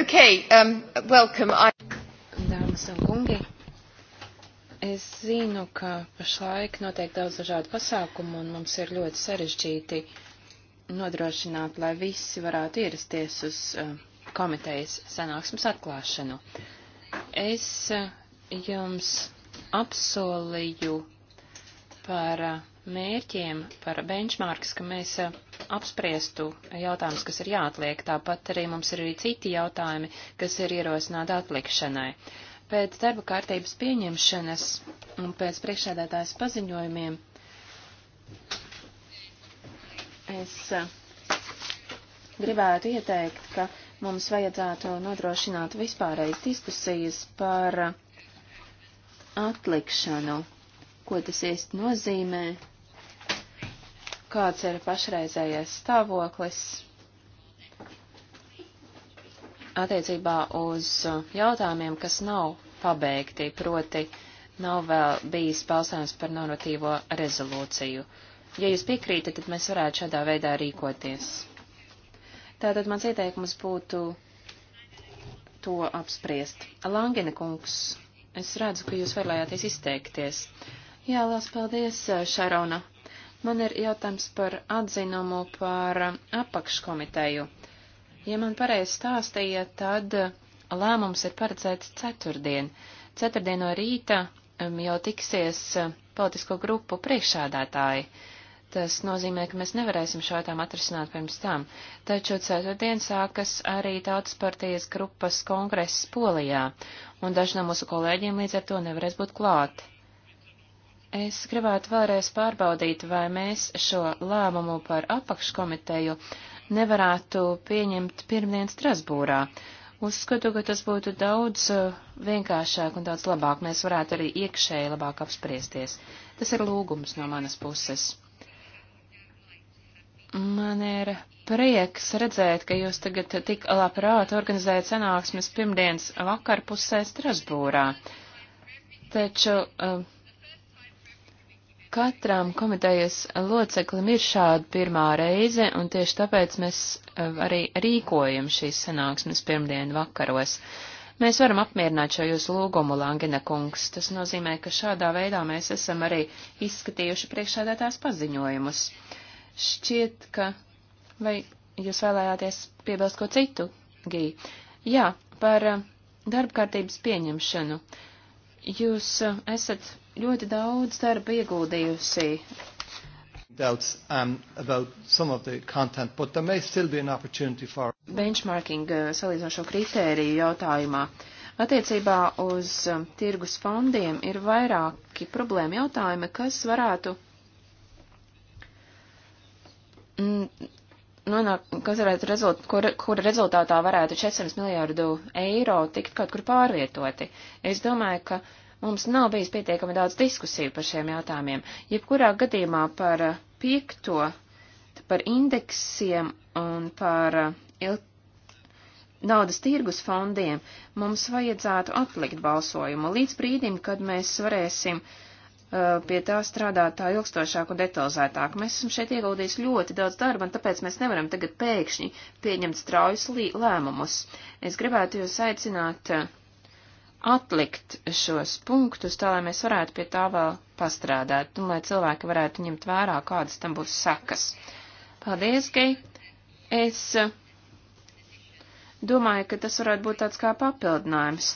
Okay, um, welcome. I... Dāmas un kungi, es zinu, ka pašlaik notiek daudz dažādu pasākumu un mums ir ļoti sarežģīti nodrošināt, lai visi varētu ierasties uz uh, komitejas sanāksmes atklāšanu. Es uh, jums apsolīju par uh, mērķiem, par benchmarks, ka mēs uh, apspriestu jautājumus, kas ir jāatliek. Tāpat arī mums ir arī citi jautājumi, kas ir ierosināti atlikšanai. Pēc darba kārtības pieņemšanas un pēc priekšsēdētājas paziņojumiem es eh, gribētu ieteikt, ka mums vajadzētu nodrošināt vispārējas diskusijas par atlikšanu, ko tas īsti nozīmē, kāds ir pašreizējais stāvoklis attiecībā uz jautājumiem, kas nav pabeigti, proti nav vēl bijis balsājums par normatīvo rezolūciju. Ja jūs piekrītat, tad mēs varētu šādā veidā rīkoties. Tātad mans ieteikums būtu to apspriest. Langina kungs, es redzu, ka jūs vēlējāties izteikties. Jā, liels paldies, Šarona. Man ir jautājums par atzinumu par apakškomiteju. Ja man pareizi stāstīja, tad lēmums ir paredzēts ceturtdien. Ceturtdien no rīta um, jau tiksies uh, politisko grupu priekšsādātāji. Tas nozīmē, ka mēs nevarēsim šo jautājumu atrisināt pirms tam. Taču ceturtdien sākas arī Tautas partijas grupas kongress Polijā, un daži no mūsu kolēģiem līdz ar to nevarēs būt klāti. Es gribētu vēlreiz pārbaudīt, vai mēs šo lēmumu par apakškomiteju nevarētu pieņemt pirmdien Strasbūrā. Uzskatu, ka tas būtu daudz uh, vienkāršāk un daudz labāk. Mēs varētu arī iekšēji labāk apspriesties. Tas ir lūgums no manas puses. Man ir prieks redzēt, ka jūs tagad tik labprāt organizējat sanāksmes pirmdienas vakarpusē Strasbūrā. Taču uh, Katram komitejas loceklim ir šāda pirmā reize, un tieši tāpēc mēs eh, arī rīkojam šīs sanāksmes pirmdienu vakaros. Mēs varam apmierināt šo jūsu lūgumu, Langina kungs. Tas nozīmē, ka šādā veidā mēs esam arī izskatījuši priekšādātās paziņojumus. Šķiet, ka. Vai jūs vēlējāties piebilst ko citu, Gī? Jā, par eh, darbkārtības pieņemšanu. Jūs eh, esat ļoti daudz darba ieguldījusi. Doubts, um, content, for... Benchmarking uh, salīdzinošo kritēriju jautājumā. Attiecībā uz um, tirgus fondiem ir vairāki problēma jautājumi, kas varētu mm, nonāk, kas varētu rezult, kur, kur rezultātā varētu 400 miljārdu eiro tikt kaut kur pārvietoti. Es domāju, ka Mums nav bijis pietiekami daudz diskusiju par šiem jautājumiem. Jebkurā gadījumā par piekto, par indeksiem un par il... naudas tirgus fondiem mums vajadzētu atlikt balsojumu līdz brīdim, kad mēs varēsim uh, pie tā strādāt tā ilgstošāk un detalizētāk. Mēs esam šeit ieguldījis ļoti daudz darba, un tāpēc mēs nevaram tagad pēkšņi pieņemt straujus lēmumus. Es gribētu jūs aicināt uh, atlikt šos punktus, tā lai mēs varētu pie tā vēl pastrādāt, un lai cilvēki varētu ņemt vērā, kādas tam būs sekas. Paldies, Gei! Es eh, domāju, ka tas varētu būt tāds kā papildinājums.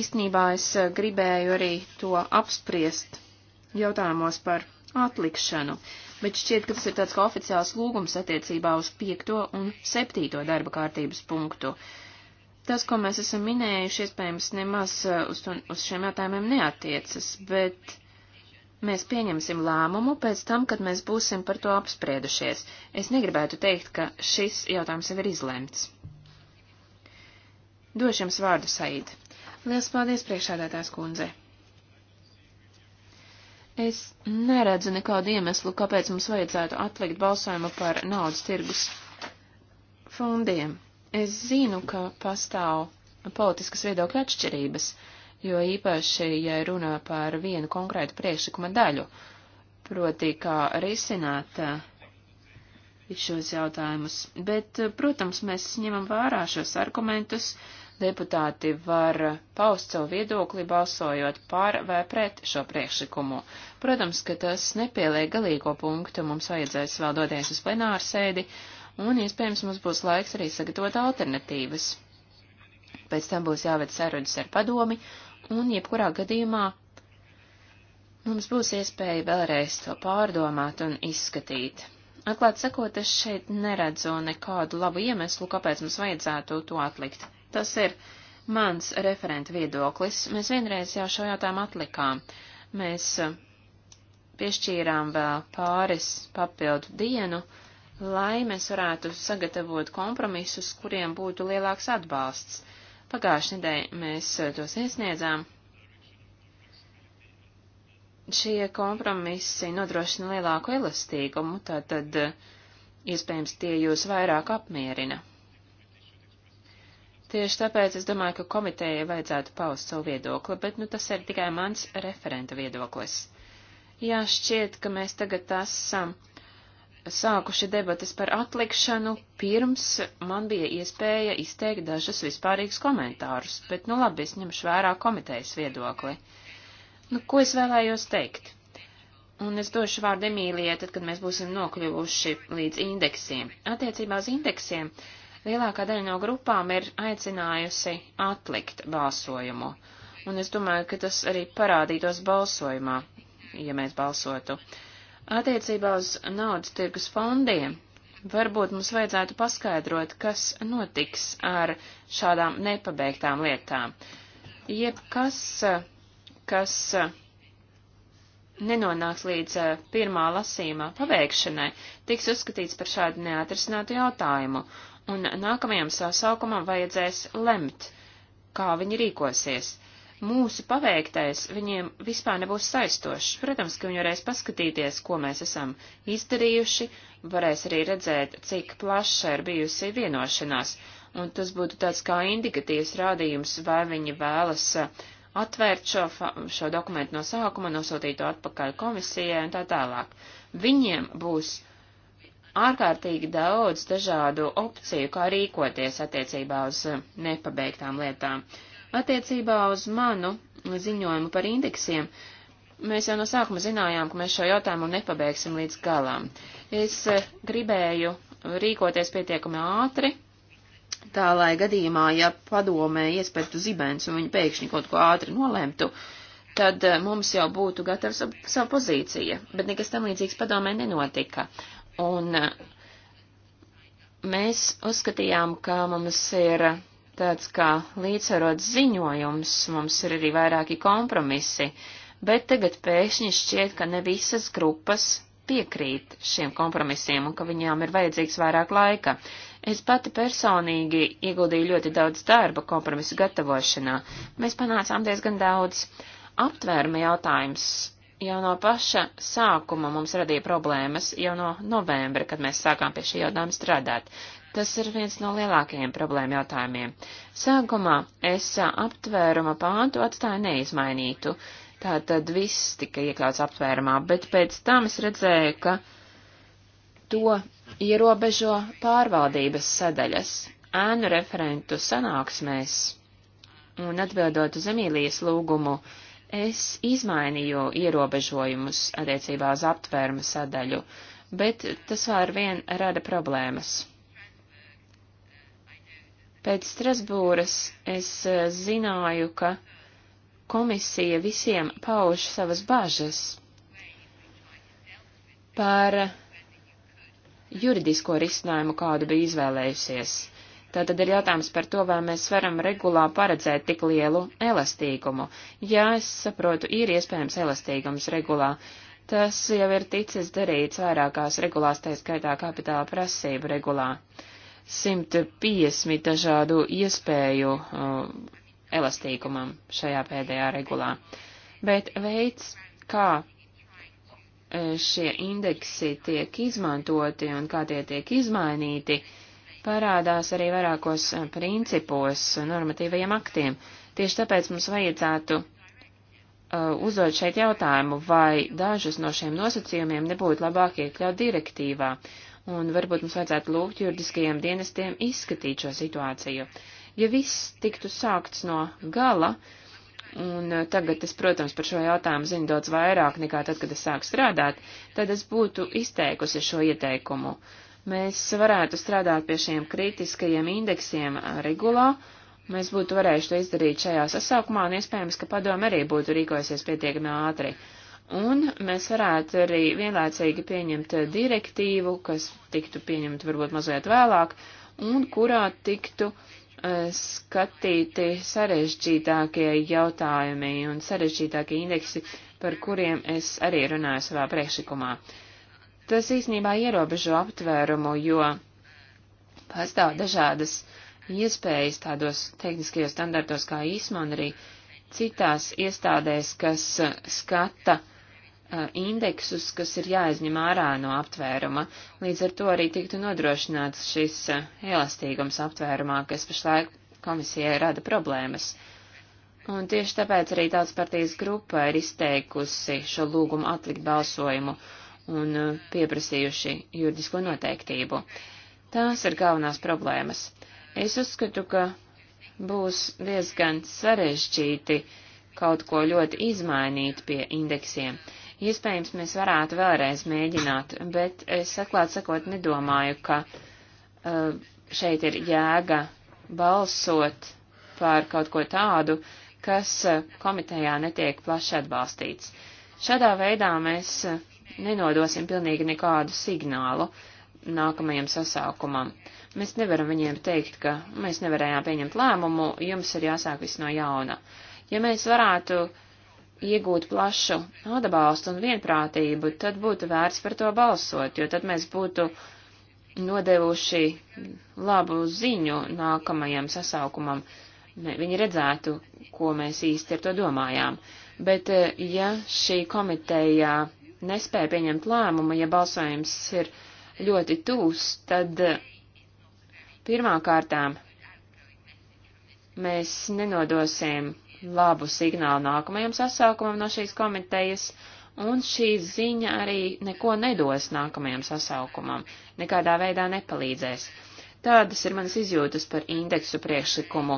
Īsnībā es eh, gribēju arī to apspriest jautājumos par atlikšanu, bet šķiet, ka tas ir tāds kā oficiāls lūgums attiecībā uz piekto un septīto darba kārtības punktu. Uh, Tas, ko mēs esam minējuši, iespējams, nemaz uh, uz, to, uz šiem jautājumiem neatiecas, bet mēs pieņemsim lēmumu pēc tam, kad mēs būsim par to apspriedušies. Es negribētu teikt, ka šis jautājums jau ir izlemts. Došu jums vārdu, Said. Lielas paldies priekšādātās kundze. Es neredzu nekādu iemeslu, kāpēc mums vajadzētu atlikt balsojumu par naudas tirgus fondiem. Es zinu, ka pastāv politiskas viedokļa atšķirības, jo īpaši, ja runā par vienu konkrētu priekšlikuma daļu, proti, kā risināt eh, šos jautājumus. Bet, eh, protams, mēs ņemam vērā šos argumentus, deputāti var paust savu viedokli balsojot par vai pret šo priekšlikumu. Protams, ka tas nepieliek galīgo punktu, mums vajadzēs vēl doties uz plenāru sēdi, uh, un iespējams mums būs laiks arī sagatavot alternatīvas. Pēc tam būs jāved sarunas ar padomi, un jebkurā gadījumā mums būs iespēja vēlreiz to pārdomāt un izskatīt. Atklāt sakot, es šeit neredzu nekādu labu iemeslu, kāpēc mums vajadzētu to atlikt. Tas ir mans referenta viedoklis. Mēs vienreiz jau šo jautājumu atlikām. Mēs eh, piešķīrām vēl pāris papildu dienu, uh, lai mēs varētu sagatavot kompromisus, kuriem būtu lielāks atbalsts. Pagājušajā nedēļā mēs eh, tos iesniedzām. Šie kompromisi nodrošina lielāku elastīgumu, tātad eh, iespējams tie jūs vairāk apmierina. Tieši tāpēc es domāju, ka komitejai vajadzētu paust savu viedokli, bet nu tas ir tikai mans referenta viedoklis. Jā, šķiet, ka mēs tagad esam. Um, sākuši debatas par atlikšanu, pirms man bija iespēja izteikt dažas vispārīgas komentārus, bet nu labi, es ņemšu vērā komitejas viedokli. Nu, ko es vēlējos teikt? Un es došu vārdu Emīlijai, tad, kad mēs būsim nokļuvuši līdz indeksiem. Attiecībā uz indeksiem lielākā daļa no grupām ir aicinājusi atlikt balsojumu. Un es domāju, ka tas arī parādītos balsojumā, ja mēs balsotu. Uh, Attiecībā uz naudas tirgus fondiem varbūt mums vajadzētu paskaidrot, kas notiks ar šādām nepabeigtām lietām. Jebkas, kas nenonāks līdz eh, pirmā lasījumā pabeigšanai, tiks uzskatīts par šādu neatrisinātu jautājumu, un nākamajam sasaukumam vajadzēs lemt, kā viņi rīkosies mūsu paveiktais viņiem vispār nebūs saistošs. Protams, ka viņi varēs paskatīties, ko mēs esam izdarījuši, varēs arī redzēt, cik plaša ir bijusi vienošanās, un tas būtu tāds kā indikatīvs rādījums, vai viņi vēlas uh, atvērt šo, šo dokumentu no sākuma, nosūtīt to atpakaļ komisijai un tā tālāk. Viņiem būs ārkārtīgi daudz dažādu opciju, kā rīkoties attiecībā uz uh, nepabeigtām lietām. Uh, Attiecībā uz manu ziņojumu par indeksiem, mēs jau no sākuma zinājām, ka mēs šo jautājumu nepabeigsim līdz galam. Es eh, gribēju rīkoties pietiekami ātri, tā lai gadījumā, ja padomē iespētu zibens un viņi pēkšņi kaut ko ātri nolemtu, tad eh, mums jau būtu gatava savu, savu pozīciju, bet nekas tam līdzīgs padomē nenotika. Un eh, mēs uzskatījām, ka mums ir tāds kā līdzsvarots ziņojums, mums ir arī vairāki kompromisi, bet tagad pēkšņi šķiet, ka ne visas grupas piekrīt šiem kompromisiem un ka viņām ir vajadzīgs vairāk laika. Es pati personīgi ieguldīju ļoti daudz darba kompromisu gatavošanā. Mēs panācām diezgan daudz. Aptvērma jautājums jau no paša sākuma mums radīja problēmas, jau no novembra, kad mēs sākām pie šī jautājuma strādāt. Tas ir viens no lielākajiem problēma jautājumiem. Sākumā es aptvēruma pāntu atstāju neizmainītu, tātad viss tika iekļauts aptvērumā, bet pēc tam es redzēju, ka to ierobežo pārvaldības sadaļas, ēnu referentu sanāksmēs. Un atbildot uz Emīlijas lūgumu, es izmainīju ierobežojumus attiecībā uz aptvērumu sadaļu, bet tas vēl ar vien rada problēmas. Pēc Strasbūras es e, zināju, ka komisija visiem pauž savas bažas par juridisko risinājumu, kādu bija izvēlējusies. Tātad ir jautājums par to, vai mēs varam regulā paredzēt tik lielu elastīgumu. Jā, es saprotu, ir iespējams elastīgums regulā. Tas jau ir ticis darīts vairākās regulās, tā skaitā kapitāla prasību regulā. Uh, 150 dažādu iespēju uh, elastīgumam šajā pēdējā regulā. Bet veids, kā uh, šie indeksi tiek izmantoti un kā tie tiek izmainīti, parādās arī vairākos uh, principos uh, normatīvajiem aktiem. Tieši tāpēc mums vajadzētu uh, uzdot šeit jautājumu, vai dažus no šiem nosacījumiem nebūtu labāk iekļaut direktīvā, un varbūt mums vajadzētu lūgt juridiskajiem dienestiem izskatīt šo situāciju. Ja viss tiktu sākts no gala, un eh, tagad es, protams, par šo jautājumu zinu daudz vairāk nekā tad, kad es sāku strādāt, tad es būtu izteikusi šo ieteikumu. Mēs varētu strādāt pie šiem kritiskajiem indeksiem eh, regulā, mēs būtu varējuši to izdarīt šajā sasaukumā, un iespējams, ka padome arī būtu rīkojusies pietiekami ātri. Uh, Un mēs varētu arī vienlaicīgi pieņemt direktīvu, kas tiktu pieņemta varbūt mazliet vēlāk, un kurā tiktu uh, skatīti sarežģītākie jautājumi un sarežģītākie indeksi, par kuriem es arī runāju savā priekšlikumā. Tas īsnībā ierobežo aptvērumu, jo pastāv dažādas iespējas tādos tehniskajos standartos kā īsma un arī citās iestādēs, kas eh, skata uh, Uh, indeksus, kas ir jāizņem ārā no aptvēruma. Līdz ar to arī tiktu nodrošināts šis uh, elastīgums aptvērumā, kas pašlaik komisijai rada problēmas. Un tieši tāpēc arī tautas partijas grupa ir izteikusi šo lūgumu atlikt balsojumu un uh, pieprasījuši juridisko noteiktību. Tās ir galvenās problēmas. Es uzskatu, ka būs diezgan sarežģīti kaut ko ļoti izmainīt pie indeksiem. Iespējams, mēs varētu vēlreiz mēģināt, bet es atklāt sakot nedomāju, ka uh, šeit ir jēga balsot par kaut ko tādu, kas uh, komitejā netiek plaši atbalstīts. Šādā veidā mēs uh, nenodosim pilnīgi nekādu signālu nākamajam sasaukumam. Mēs nevaram viņiem teikt, ka mēs nevarējām pieņemt lēmumu, jums ir jāsāk viss no jauna. Ja mēs varētu uh, iegūtu plašu atbalstu un vienprātību, tad būtu vērts par to balsot, jo tad mēs būtu nodevuši labu ziņu nākamajam sasaukumam. Viņi redzētu, ko mēs īsti ar to domājām. Bet eh, ja šī komiteja nespēja pieņemt lēmumu, ja balsojums ir ļoti tūs, tad eh, pirmā kārtām mēs nenodosim labu signālu nākamajam sasaukumam no šīs komitejas, un šī ziņa arī neko nedos nākamajam sasaukumam, nekādā veidā nepalīdzēs. Tādas ir manas izjūtas par indeksu priekšlikumu.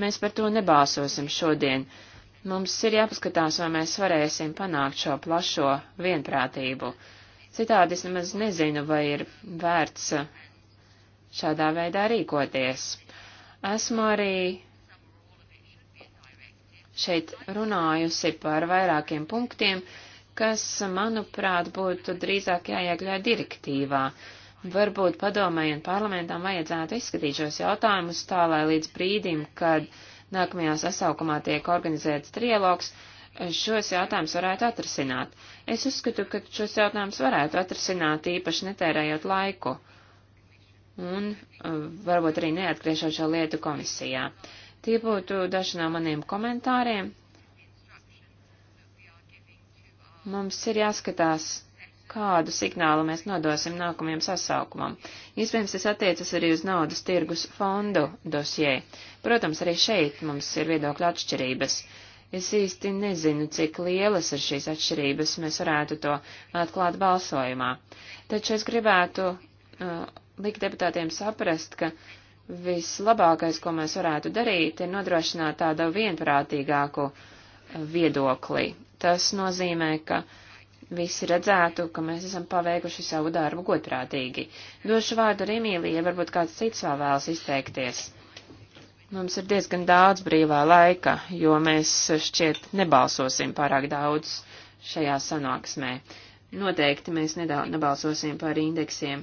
Mēs par to nebāsosim šodien. Mums ir jāpaskatās, vai mēs varēsim panākt šo plašo vienprātību. Citādi es nemaz nezinu, vai ir vērts šādā veidā rīkoties. Esmu arī šeit runājusi par vairākiem punktiem, kas, manuprāt, būtu drīzāk jāiekļauj direktīvā. Varbūt padomēji un parlamentam vajadzētu izskatīt šos jautājumus tā, lai līdz brīdim, kad nākamajā sasaukumā tiek organizēts trialogs, šos jautājumus varētu atrasināt. Es uzskatu, ka šos jautājumus varētu atrasināt īpaši netērējot laiku un uh, varbūt arī neatgriežot šo lietu komisijā. Uh, Tie būtu daži no maniem komentāriem. Mums ir jāskatās, kādu signālu mēs nodosim nākamajam sasaukumam. Iespējams, tas attiecas arī uz naudas tirgus fondu dosjē. Protams, arī šeit mums ir viedokļa atšķirības. Es īsti nezinu, cik lielas ir šīs atšķirības, mēs varētu to atklāt balsojumā. Taču es gribētu uh, likt deputātiem saprast, ka vislabākais, ko mēs varētu darīt, ir nodrošināt tādu vienprātīgāku viedokli. Tas nozīmē, ka visi redzētu, ka mēs esam paveikuši savu darbu godprātīgi. Došu vārdu arī Mīlijai, varbūt kāds cits vēl vēlas izteikties. Mums ir diezgan daudz brīvā laika, jo mēs šķiet nebalsosim pārāk daudz šajā sanāksmē. Noteikti mēs nebalsosim par indeksiem.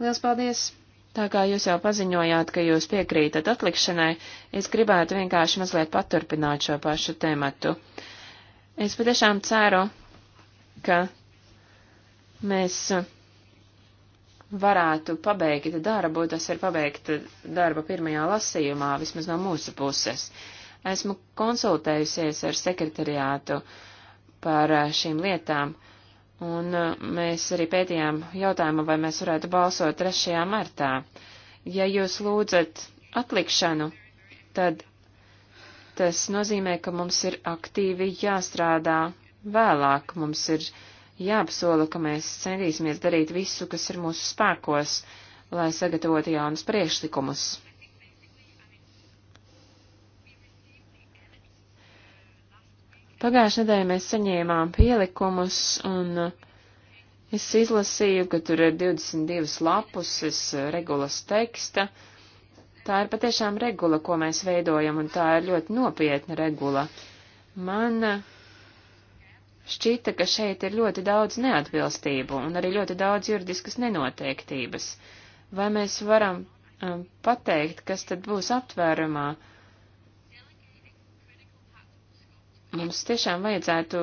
Liels paldies! Tā kā jūs jau paziņojāt, ka jūs piekrītat atlikšanai, es gribētu vienkārši mazliet paturpināt šo pašu tematu. Es patiešām ceru, ka mēs varētu pabeigt darbu, tas ir pabeigt darba pirmajā lasījumā, vismaz no mūsu puses. Esmu konsultējusies ar sekretariātu par šīm lietām. Uh, Un uh, mēs arī pētījām jautājumu, vai mēs varētu balsot 3. martā. Ja jūs lūdzat atlikšanu, tad tas nozīmē, ka mums ir aktīvi jāstrādā vēlāk. Mums ir jāapsola, ka mēs centīsimies darīt visu, kas ir mūsu spēkos, lai sagatavotu jaunus priekšlikumus. Pagājušajā nedēļā mēs saņēmām pielikumus, un uh, es izlasīju, ka tur ir 22 lapuses uh, regulas teksta. Tā ir patiešām regula, ko mēs veidojam, un tā ir ļoti nopietna regula. Man uh, šķita, ka šeit ir ļoti daudz neatbilstību un arī ļoti daudz juridiskas nenoteiktības. Vai mēs varam um, pateikt, kas tad būs aptvērumā? Uh, Mums tiešām vajadzētu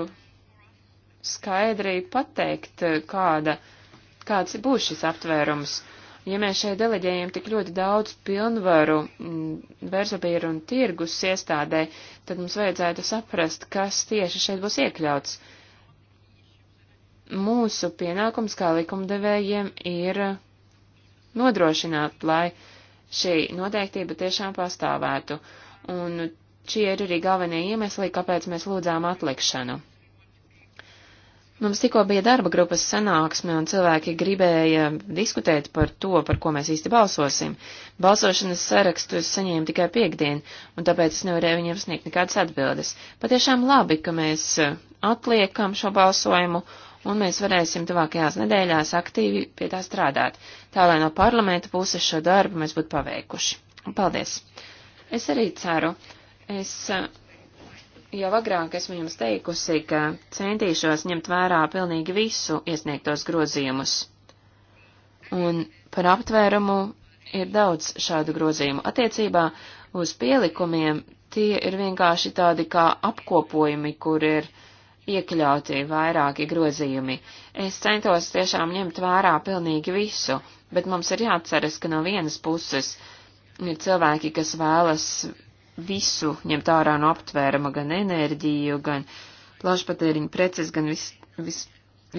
skaidri pateikt, kāda, kāds būs šis aptvērums. Ja mēs šeit deleģējam tik ļoti daudz pilnvaru mm, vērsapīru un tirgus iestādē, tad mums vajadzētu saprast, kas tieši šeit būs iekļauts. Mūsu pienākums kā likumdevējiem ir nodrošināt, lai šī noteiktība tiešām pastāvētu. Un Šie ir arī galvenie iemesli, kāpēc mēs lūdzām atlikšanu. Mums tikko bija darba grupas sanāksme, un cilvēki gribēja diskutēt par to, par ko mēs īsti balsosim. Balsošanas sarakstu es saņēmu tikai piekdien, un tāpēc es nevarēju viņiem sniegt nekādas atbildes. Patiešām labi, ka mēs atliekam šo balsojumu, un mēs varēsim tuvākajās nedēļās aktīvi pie tā strādāt, tā lai no parlamenta puses šo darbu mēs būtu paveikuši. Paldies! Es arī ceru, Es eh, jau agrāk esmu jums teikusi, ka centīšos ņemt vērā pilnīgi visu iesniegtos grozījumus. Un par aptvērumu ir daudz šādu grozījumu. Attiecībā uz pielikumiem tie ir vienkārši tādi kā apkopojumi, kur ir iekļauti vairāki grozījumi. Es centos tiešām ņemt vērā pilnīgi visu, bet mums ir jāatceras, ka no vienas puses ir cilvēki, kas vēlas visu ņemt ārā no aptvērama, gan enerģiju, gan plašpatēriņu preces, gan viss vis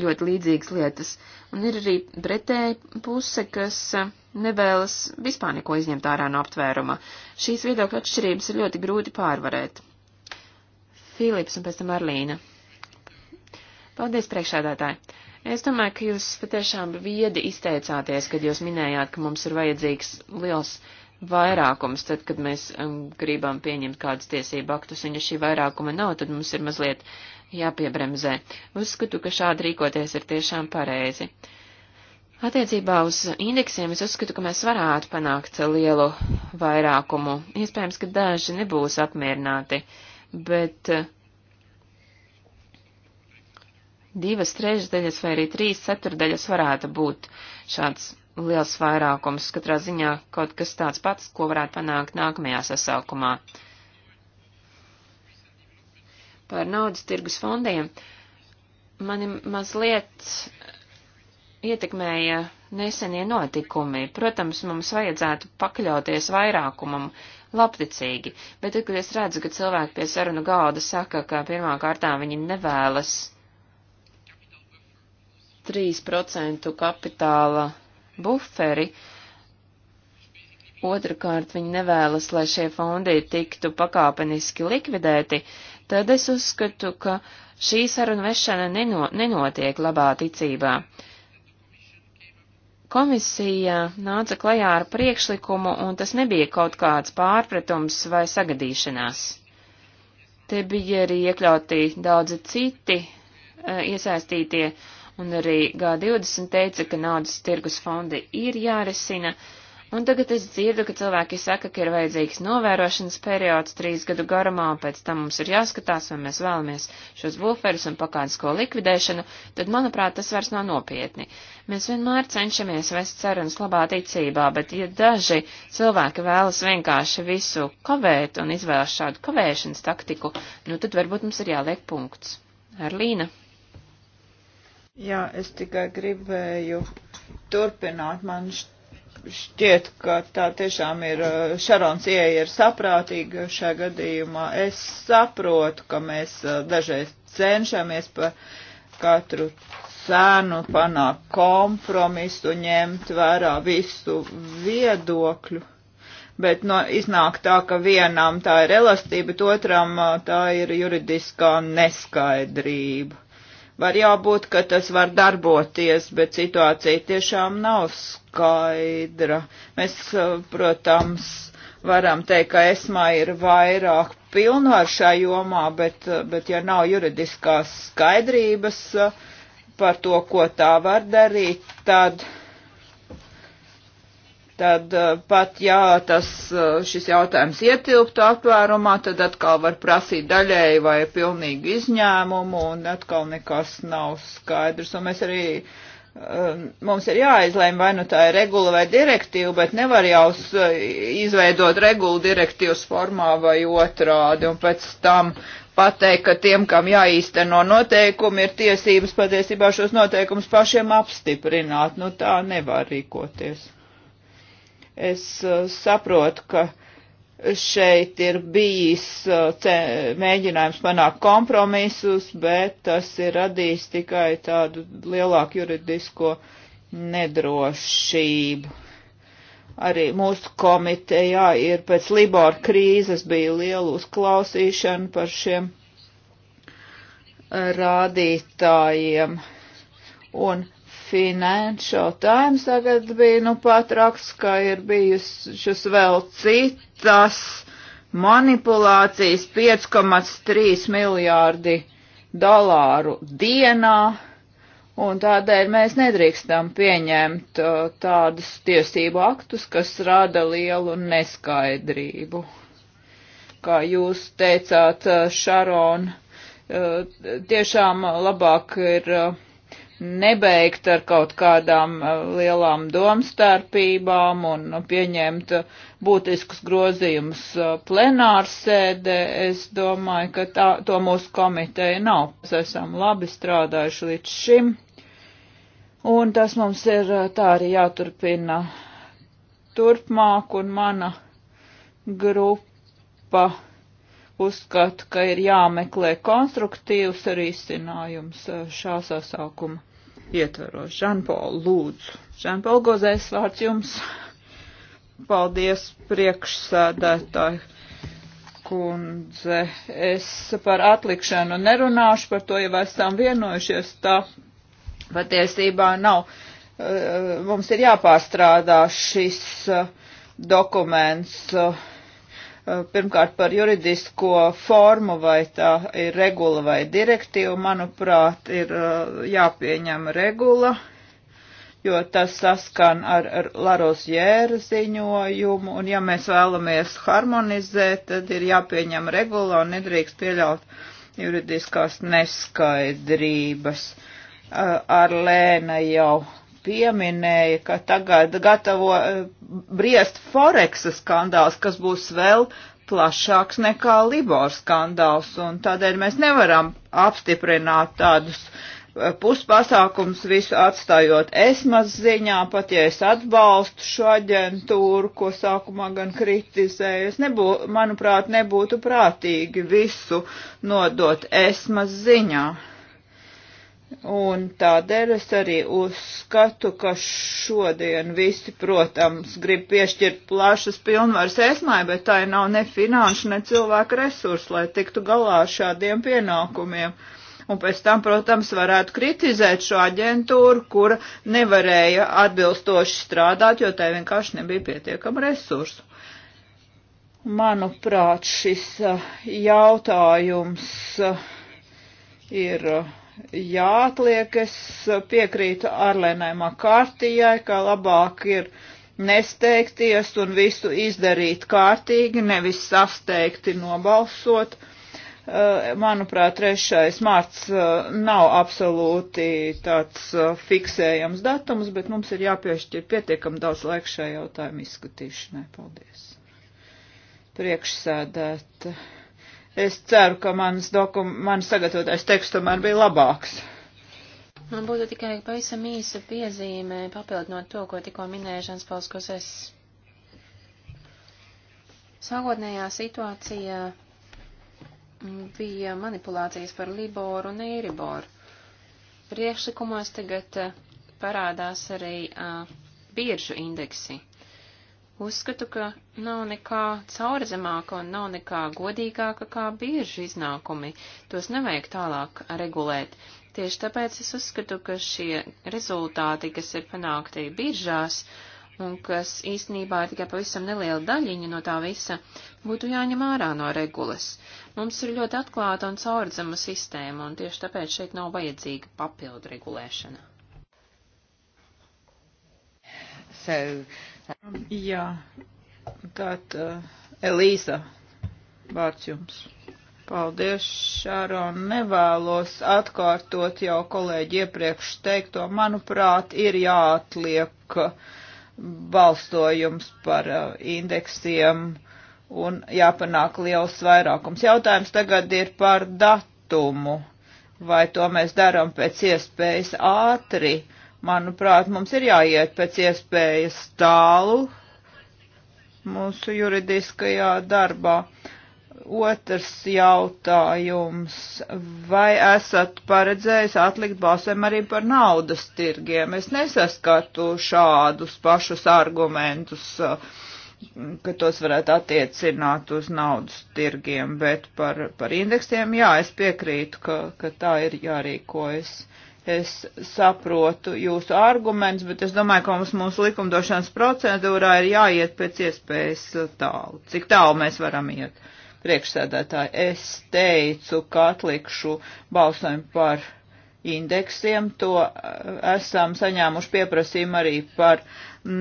ļoti līdzīgas lietas. Un ir arī pretēji puse, kas eh, nevēlas vispār neko izņemt ārā no aptvēruma. Šīs viedokļa atšķirības ir ļoti grūti pārvarēt. Filips un pēc tam Arlīna. Paldies, priekšādātāji! Es domāju, ka jūs patiešām viedi izteicāties, kad jūs minējāt, ka mums ir vajadzīgs liels vairākums, tad, kad mēs um, gribam pieņemt kādus tiesību aktus, un ja šī vairākuma nav, tad mums ir mazliet jāpiebremzē. Uzskatu, ka šādi rīkoties ir tiešām pareizi. Attiecībā uz indeksiem es uzskatu, ka mēs varētu panākt lielu vairākumu. Iespējams, ka daži nebūs apmierināti, bet uh, divas trešdaļas vai arī trīs ceturdaļas varētu būt šāds liels vairākums, katrā ziņā kaut kas tāds pats, ko varētu panākt nākamajā sasaukumā. Par naudas tirgus fondiem mani mazliet ietekmēja nesenie notikumi. Protams, mums vajadzētu pakļauties vairākumam labticīgi, bet tad, kad es redzu, ka cilvēki pie sarunu galda saka, ka pirmā kārtā viņi nevēlas 3% kapitāla buferi. Otrakārt, viņi nevēlas, lai šie fondi tiktu pakāpeniski likvidēti, tad es uzskatu, ka šī saruna vešana neno, nenotiek labā ticībā. Komisija nāca klajā ar priekšlikumu, un tas nebija kaut kāds pārpratums vai sagadīšanās. Te bija arī iekļauti daudzi citi e, iesaistītie uh, un arī G20 teica, ka naudas tirgus fondi ir jārisina, un tagad es dzirdu, ka cilvēki saka, ka ir vajadzīgs novērošanas periods trīs gadu garumā, un pēc tam mums ir jāskatās, vai mēs vēlamies šos buferus un pakādisko likvidēšanu, tad, manuprāt, tas vairs nav nopietni. Mēs vienmēr cenšamies vest sarunas labā ticībā, bet ja daži cilvēki vēlas vienkārši visu kavēt un izvēlas šādu kavēšanas taktiku, nu tad varbūt mums ir jāliek punkts. Arlīna. Jā, es tikai gribēju turpināt. Man šķiet, ka tā tiešām ir eh, Šarons ieeja ir saprātīga šajā gadījumā. Es saprotu, ka mēs eh, dažreiz cenšamies pa katru cenu panākt kompromisu, ņemt vērā visu viedokļu bet no, nu, iznāk tā, ka vienam tā ir elastība, bet otram eh, tā ir juridiskā neskaidrība. Var jābūt, ka tas var darboties, bet situācija tiešām nav skaidra. Mēs, eh, protams, varam teikt, ka esmā ir vairāk pilnvaru šajā jomā, bet, eh, bet ja nav juridiskās skaidrības eh, par to, ko tā var darīt, tad tad eh, pat ja tas, eh, šis jautājums ietilptu aptvērumā, tad atkal var prasīt daļēji vai pilnīgu izņēmumu, un atkal nekas nav skaidrs. Un mēs arī, eh, mums ir jāizlēma, vai nu tā ir regula vai direktīva, bet nevar jau izveidot regulu direktīvas formā vai otrādi, un pēc tam pateikt, ka tiem, kam jāīsteno noteikumi, ir tiesības patiesībā šos noteikumus pašiem apstiprināt. Nu tā nevar rīkoties. Es uh, saprotu, ka šeit ir bijis uh, mēģinājums panākt kompromisus, bet tas ir radījis tikai tādu lielāku juridisko nedrošību. Arī mūsu komitejā ir pēc Libor krīzes bija liela uzklausīšana par šiem rādītājiem. Un Financial Times tagad bija nu pat raksts, ka ir bijušas vēl citas manipulācijas 5,3 miljārdi dolāru dienā, un tādēļ mēs nedrīkstam pieņemt uh, tādus tiesību aktus, kas rada lielu neskaidrību. Kā jūs teicāt, uh, Šaron, uh, tiešām labāk ir nebeigt ar kaut kādām eh, lielām domstarpībām un nu, pieņemt eh, būtiskus grozījumus eh, plenārsēdē. Es domāju, ka tā, to mūsu komiteja nav. Mēs esam labi strādājuši līdz šim. Un tas mums ir tā arī jāturpina turpmāk, un mana grupa uzskata, ka ir jāmeklē konstruktīvs risinājums šā sasaukuma ietvaros. Žanpola, lūdzu. Žanpola Gozēs vārds jums. Paldies priekšsēdētāji kundze. Es par atlikšanu nerunāšu, par to jau esam vienojušies. Tā patiesībā nav. Eh, mums ir jāpārstrādā šis eh, dokuments eh, Eh, pirmkārt par juridisko formu, vai tā ir regula vai direktīva, manuprāt, ir eh, jāpieņem regula, jo tas saskan ar, ar Laros jēra ziņojumu, un ja mēs vēlamies harmonizēt, tad ir jāpieņem regula un nedrīkst pieļaut juridiskās neskaidrības. Eh, ar Lēna jau pieminēja, ka tagad gatavo eh, briest Foreksa skandāls, kas būs vēl plašāks nekā Libor skandāls, un tādēļ mēs nevaram apstiprināt tādus eh, puspasākums visu atstājot esmas ziņā, pat ja es atbalstu šo aģentūru, ko sākumā gan kritizēju, es nebū, manuprāt, nebūtu prātīgi visu nodot esmas ziņā. Un tādēļ es arī uzskatu, ka šodien visi, protams, grib piešķirt plašas pilnvaras esmai, bet tā ir nav ne finanšu, ne cilvēku resursu, lai tiktu galā ar šādiem pienākumiem. Un pēc tam, protams, varētu kritizēt šo aģentūru, kura nevarēja atbilstoši strādāt, jo tai vienkārši nebija pietiekama resursu. Manuprāt, šis uh, jautājums uh, ir uh, jāatliek. Es piekrītu Arlēnai Makārtijai, ka labāk ir nesteigties un visu izdarīt kārtīgi, nevis sasteigti nobalsot. Eh, manuprāt, 3. mārts eh, nav absolūti tāds eh, fiksējams datums, bet mums ir jāpiešķir pietiekam daudz laika šai jautājumu izskatīšanai. Paldies. Priekšsēdētāji Es ceru, ka mans, dokum, mans sagatavotais teksts tomēr bija labāks. Man būtu tikai pavisam īsa piezīme papildinot to, ko tikko minēja Žans Pauskos es. Sākotnējā situācija mm, bija manipulācijas par Liboru un Eiriboru. Priekšlikumos tagad eh, parādās arī uh, biežu indeksi. Uzskatu, ka nav nekā caurredzamāka un nav nekā godīgāka kā bieži iznākumi. Tos nevajag tālāk regulēt. Tieši tāpēc es uzskatu, ka šie rezultāti, kas ir panākti biržās un kas īstenībā ir tikai pavisam neliela daļiņa no tā visa, būtu jāņem ārā no regulas. Mums ir ļoti atklāta un caurdzama sistēma, un tieši tāpēc šeit nav vajadzīga papildu regulēšana. So, Jā, tad uh, Elīza, vārds jums. Paldies, Šāron. Nevēlos atkārtot jau kolēģi iepriekš teikto. Manuprāt, ir jāatliek eh, balstojums par uh, indeksiem un jāpanāk liels vairākums. Jautājums tagad ir par datumu. Vai to mēs darām pēc iespējas ātri? Uh, Manuprāt, mums ir jāiet pēc iespējas tālu mūsu juridiskajā darbā. Otrs jautājums. Vai esat paredzējis atlikt balsēm arī par naudas tirgiem? Es nesaskatu šādus pašus argumentus, ka tos varētu attiecināt uz naudas tirgiem, bet par, par indeksiem, jā, es piekrītu, ka, ka tā ir jārīkojas. Uh, Es saprotu jūsu argumentus, bet es domāju, ka mums mūsu likumdošanas procedūrā ir jāiet pēc iespējas tālu. Cik tālu mēs varam iet? Priekšsēdētāji, es teicu, ka atlikšu balsojumu par indeksiem, to eh, esam saņēmuši pieprasījumu arī par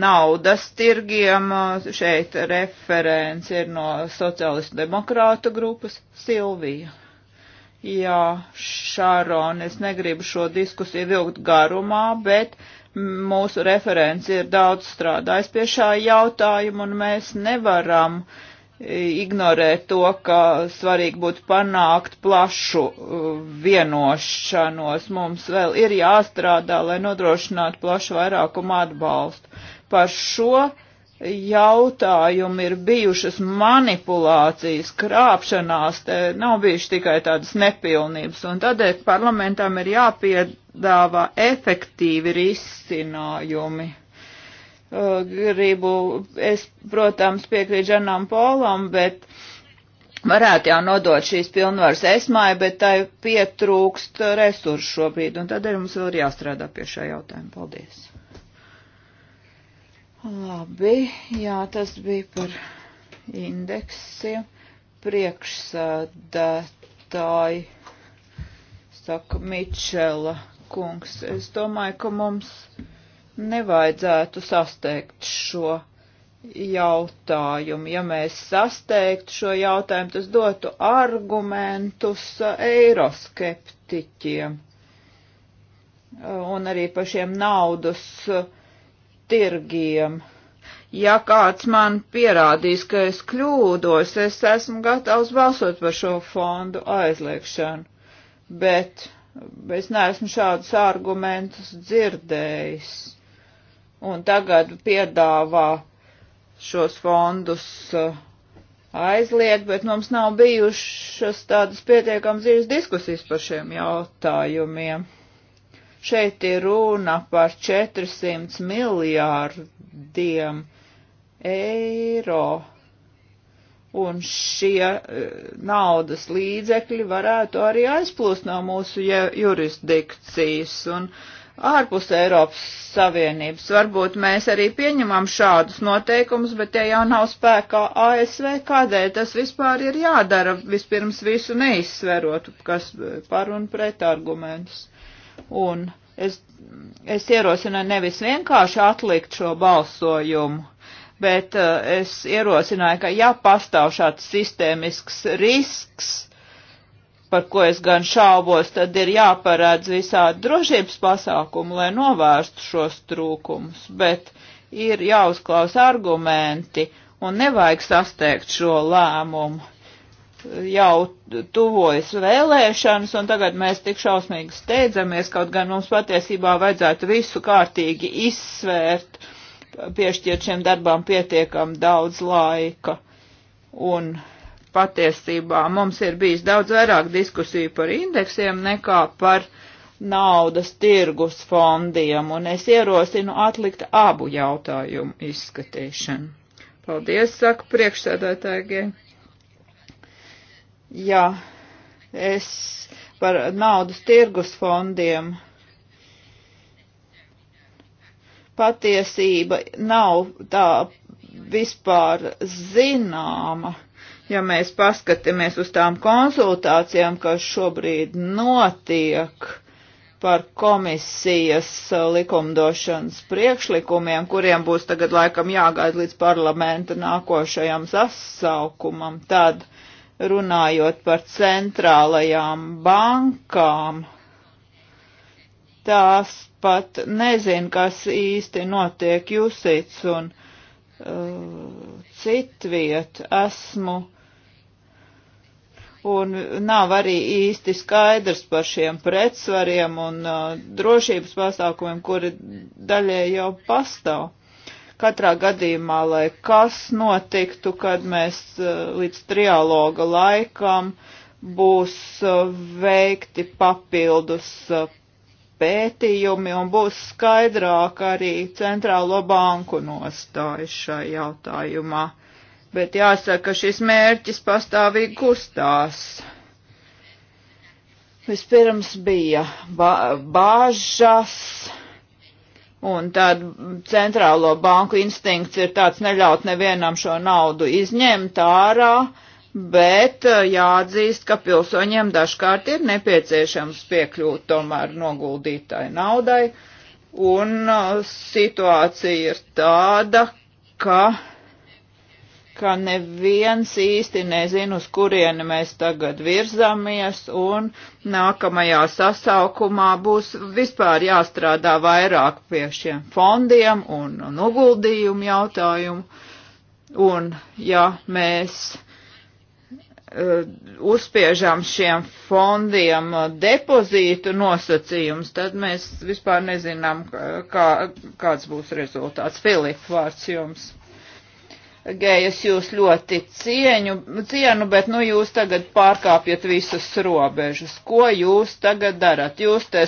naudas tirgiem. Šeit referents ir no sociālistu demokrātu grupas Silvija. Jā, Šāron, es negribu šo diskusiju vilkt garumā, bet mūsu referents ir daudz strādājis pie šā jautājuma, un mēs nevaram e, ignorēt to, ka svarīgi būtu panākt plašu e, vienošanos. Mums vēl ir jāstrādā, lai nodrošinātu plašu vairākumu atbalstu. Par šo jautājumi ir bijušas manipulācijas, krāpšanās, te nav bijušas tikai tādas nepilnības, un tādēļ parlamentam ir jāpiedāvā efektīvi risinājumi. Uh, gribu, es, protams, piekrītu Žanam Polam, bet varētu jau nodot šīs pilnvaras esmai, bet tai pietrūkst resursu šobrīd, un tādēļ mums vēl ir jāstrādā pie šā jautājuma. Paldies! Labi, jā, tas bija par indeksiem. Priekšsādātāji, saka Mičela kungs, es domāju, ka mums nevajadzētu sasteigt šo jautājumu. Ja mēs sasteigtu šo jautājumu, tas dotu argumentus eiroskeptiķiem un arī pašiem naudas uh, tirgiem. Ja kāds man pierādīs, ka es kļūdos, es esmu gatavs balsot par šo fondu aizliekšanu, bet es neesmu šādus argumentus dzirdējis. Un tagad piedāvā šos fondus uh, aizliegt, bet mums nav bijušas tādas pietiekams dzīves diskusijas par šiem jautājumiem. Šeit ir runa par 400 miljārdiem eiro, un šie e, naudas līdzekļi varētu arī aizplūst no mūsu jurisdikcijas un ārpus Eiropas Savienības. Varbūt mēs arī pieņemam šādus noteikumus, bet tie jau nav spēkā ASV. Kādēļ tas vispār ir jādara? Vispirms visu neizsverot, kas par un pret argumentus. Un es, es ierosinu nevis vienkārši atlikt šo balsojumu, bet uh, es ierosināju, ka ja pastāv šāds sistēmisks risks, par ko es gan šaubos, tad ir jāparādz visādi drošības pasākumi, lai novērstu šos trūkumus, bet ir jāuzklaus argumenti un nevajag sasteigt šo lēmumu jau tuvojas vēlēšanas, un tagad mēs tik šausmīgi steidzamies, kaut gan mums patiesībā vajadzētu visu kārtīgi izsvērt, piešķirt šiem darbām pietiekam daudz laika. Un patiesībā mums ir bijis daudz vairāk diskusiju par indeksiem nekā par naudas tirgus fondiem, un es ierosinu atlikt abu jautājumu izskatīšanu. Paldies, saka priekšsēdētāji ja es par naudas tirgus fondiem patiesība nav tā vispār zināma. Ja mēs paskatāmies uz tām konsultācijām, kas šobrīd notiek par komisijas likumdošanas priekšlikumiem, kuriem būs tagad laikam jāgaida līdz parlamenta nākošajam sasaukumam, tad uh, runājot par centrālajām bankām, tās pat nezin, kas īsti notiek jūsīts un uh, citviet esmu. Un nav arī īsti skaidrs par šiem pretsvariem un uh, drošības pasākumiem, kuri daļai jau pastāv. Katrā gadījumā, lai kas notiktu, kad mēs eh, līdz trialoga laikam būs eh, veikti papildus eh, pētījumi un būs skaidrāk arī centrālo banku nostāja šai jautājumā. Bet jāsaka, šis mērķis pastāvīgi kustās. Vispirms bija ba bāžas Un tad centrālo banku instinkts ir tāds neļaut nevienam šo naudu izņemt ārā, bet eh, jāatzīst, ka pilsoņiem dažkārt ir nepieciešams piekļūt tomēr noguldītai naudai. Un eh, situācija ir tāda, ka ka neviens īsti nezin, uz kurieni mēs tagad virzamies, un nākamajā sasaukumā būs vispār jāstrādā vairāk pie šiem fondiem un noguldījumu jautājumu. Un ja mēs uh, uzspiežam šiem fondiem depozītu nosacījums, tad mēs vispār nezinām, kā, kāds būs rezultāts. Filipa, vārds jums. Gējas jūs ļoti cieņu, cienu, bet nu jūs tagad pārkāpjat visas robežas. Ko jūs tagad darat? Jūs te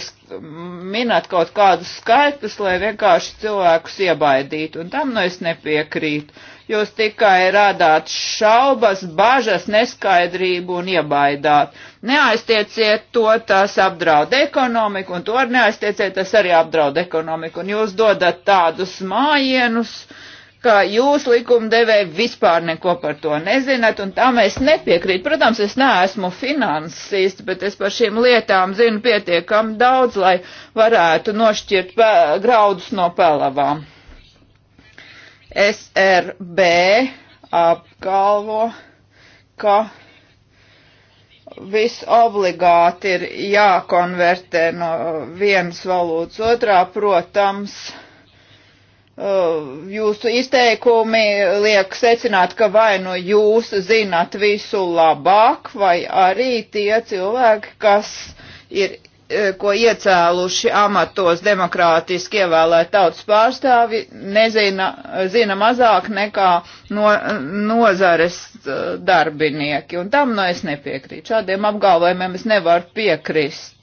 minat kaut kādus skaitļus, lai vienkārši cilvēkus iebaidītu, un tam nu es nepiekrītu. Jūs tikai radāt šaubas, bažas, neskaidrību un iebaidāt. Neaiztieciet to, tas apdraud ekonomiku, un to neaiztieciet, tas arī apdraud ekonomiku, un jūs dodat tādus mājienus, uh, ka jūs likumdevēji vispār neko par to nezināt, un tam es nepiekrītu. Protams, es neesmu finansists, bet es par šīm lietām zinu pietiekam daudz, lai varētu nošķirt graudus no pelavām. SRB apgalvo, ka viss obligāti ir jākonvertē no vienas valūtas otrā, protams, Eh, jūsu izteikumi liek secināt, ka vai nu jūs zināt visu labāk, vai arī tie cilvēki, kas ir eh, ko iecēluši amatos demokrātiski ievēlēt tautas pārstāvi, nezina, zina mazāk nekā no, nozares eh, darbinieki. Un tam no nu es nepiekrītu. Šādiem apgalvojumiem es nevaru piekrist.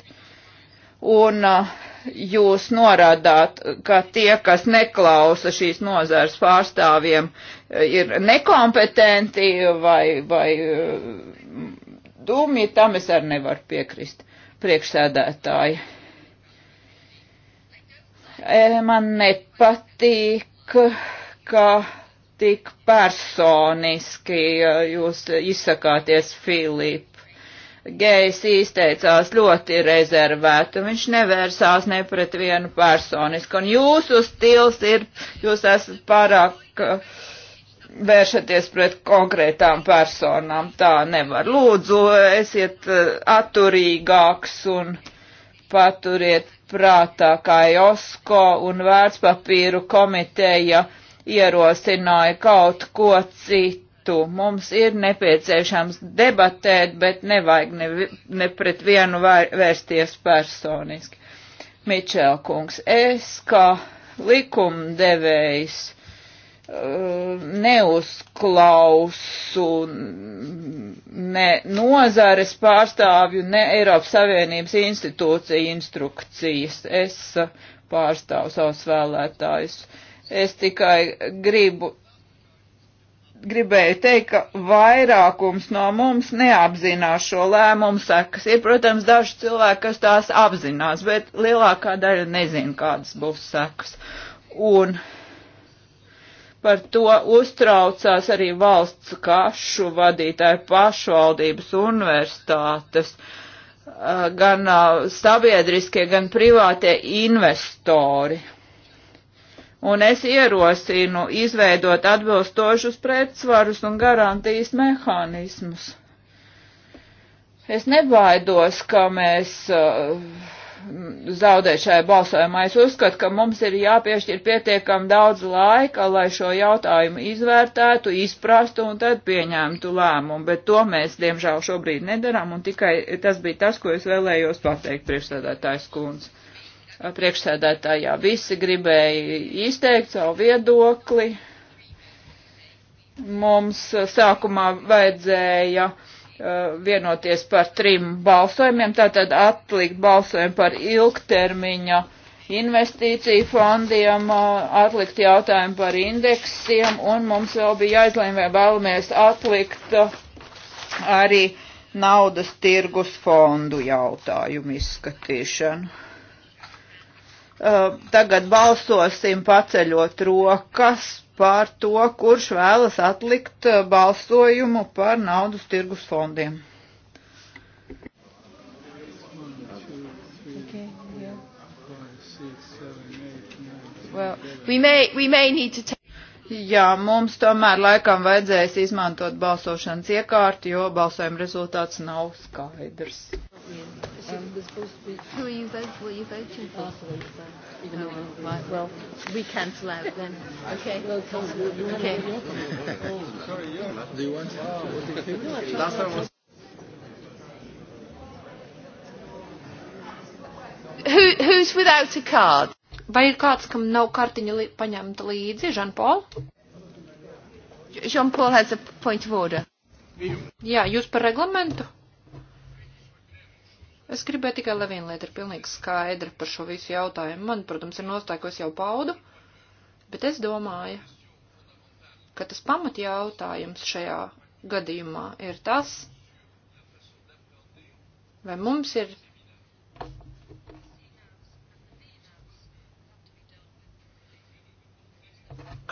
Un uh, jūs norādāt, ka tie, kas neklausa šīs nozars pārstāvjiem, ir nekompetenti vai, vai mm, dūmi, tam es arī nevaru piekrist priekšsēdētāji. E, man nepatīk, ka tik personiski e, jūs izsakāties, Filip. Gejs izteicās ļoti rezervēti, un viņš nevērsās ne pret vienu personisku, un jūsu stils ir, jūs esat pārāk vēršaties pret konkrētām personām, tā nevar. Lūdzu, esiet eh, atturīgāks un paturiet prātā, kā Josko un vērtspapīru komiteja ierosināja kaut ko citu lietu. Mums ir nepieciešams debatēt, bet nevajag ne, ne pret vienu vērsties personiski. Mičēl kungs, es kā likumdevējs uh, neuzklausu ne nozares pārstāvju, ne Eiropas Savienības institūciju instrukcijas. Es uh, pārstāvu savus vēlētājus. Es tikai gribu gribēju teikt, ka vairākums no mums neapzinās šo lēmumu sekas. Ir, protams, daži cilvēki, kas tās apzinās, bet lielākā daļa nezina, kādas būs sekas. Un par to uztraucās arī valsts kašu vadītāji pašvaldības universitātes, gan sabiedriskie, gan privātie investori Un es ierosinu izveidot atbilstošus pretsvarus un garantijas mehānismus. Es nebaidos, ka mēs uh, zaudēt šajā balsojumā. Es uzskatu, ka mums ir jāpiešķir pietiekam daudz laika, lai šo jautājumu izvērtētu, izprastu un tad pieņemtu lēmumu. Bet to mēs, diemžēl, šobrīd nedaram, un tikai tas bija tas, ko es vēlējos pateikt priekšstādātājs kundze priekšsēdētājā. Visi gribēja izteikt savu viedokli. Mums uh, sākumā vajadzēja uh, vienoties par trim balsojumiem, tātad atlikt balsojumu par ilgtermiņa investīciju fondiem, uh, atlikt jautājumu par indeksiem, un mums vēl bija jāizlēma, vai vēlamies atlikt arī naudas tirgus fondu jautājumu izskatīšanu. Uh, tagad balsosim paceļot rokas par to, kurš vēlas atlikt uh, balsojumu par naudas tirgus fondiem. Okay, yeah. well, we may, we may take... Jā, mums tomēr laikam vajadzēs izmantot balsošanas iekārti, jo balsojuma rezultāts nav skaidrs. Yeah. So um, we're supposed to be. Who are you voting? What are you voting for? Afterwards, uh, even oh, well, right. Well, we cancel out then. okay. Well, okay. oh, sorry. Yeah. Do you want? Wow. Last time was. Who, who's without a card? Vai ir kāds, kam nav kartiņa li paņemta līdzi, Žanpola? Žanpola has a point of order. Jā, jūs par reglamentu? Es gribēju tikai, lai viena lieta ir pilnīgi skaidra par šo visu jautājumu. Man, protams, ir nostāja, ko es jau paudu, bet es domāju, ka tas pamatjautājums šajā gadījumā ir tas, vai mums ir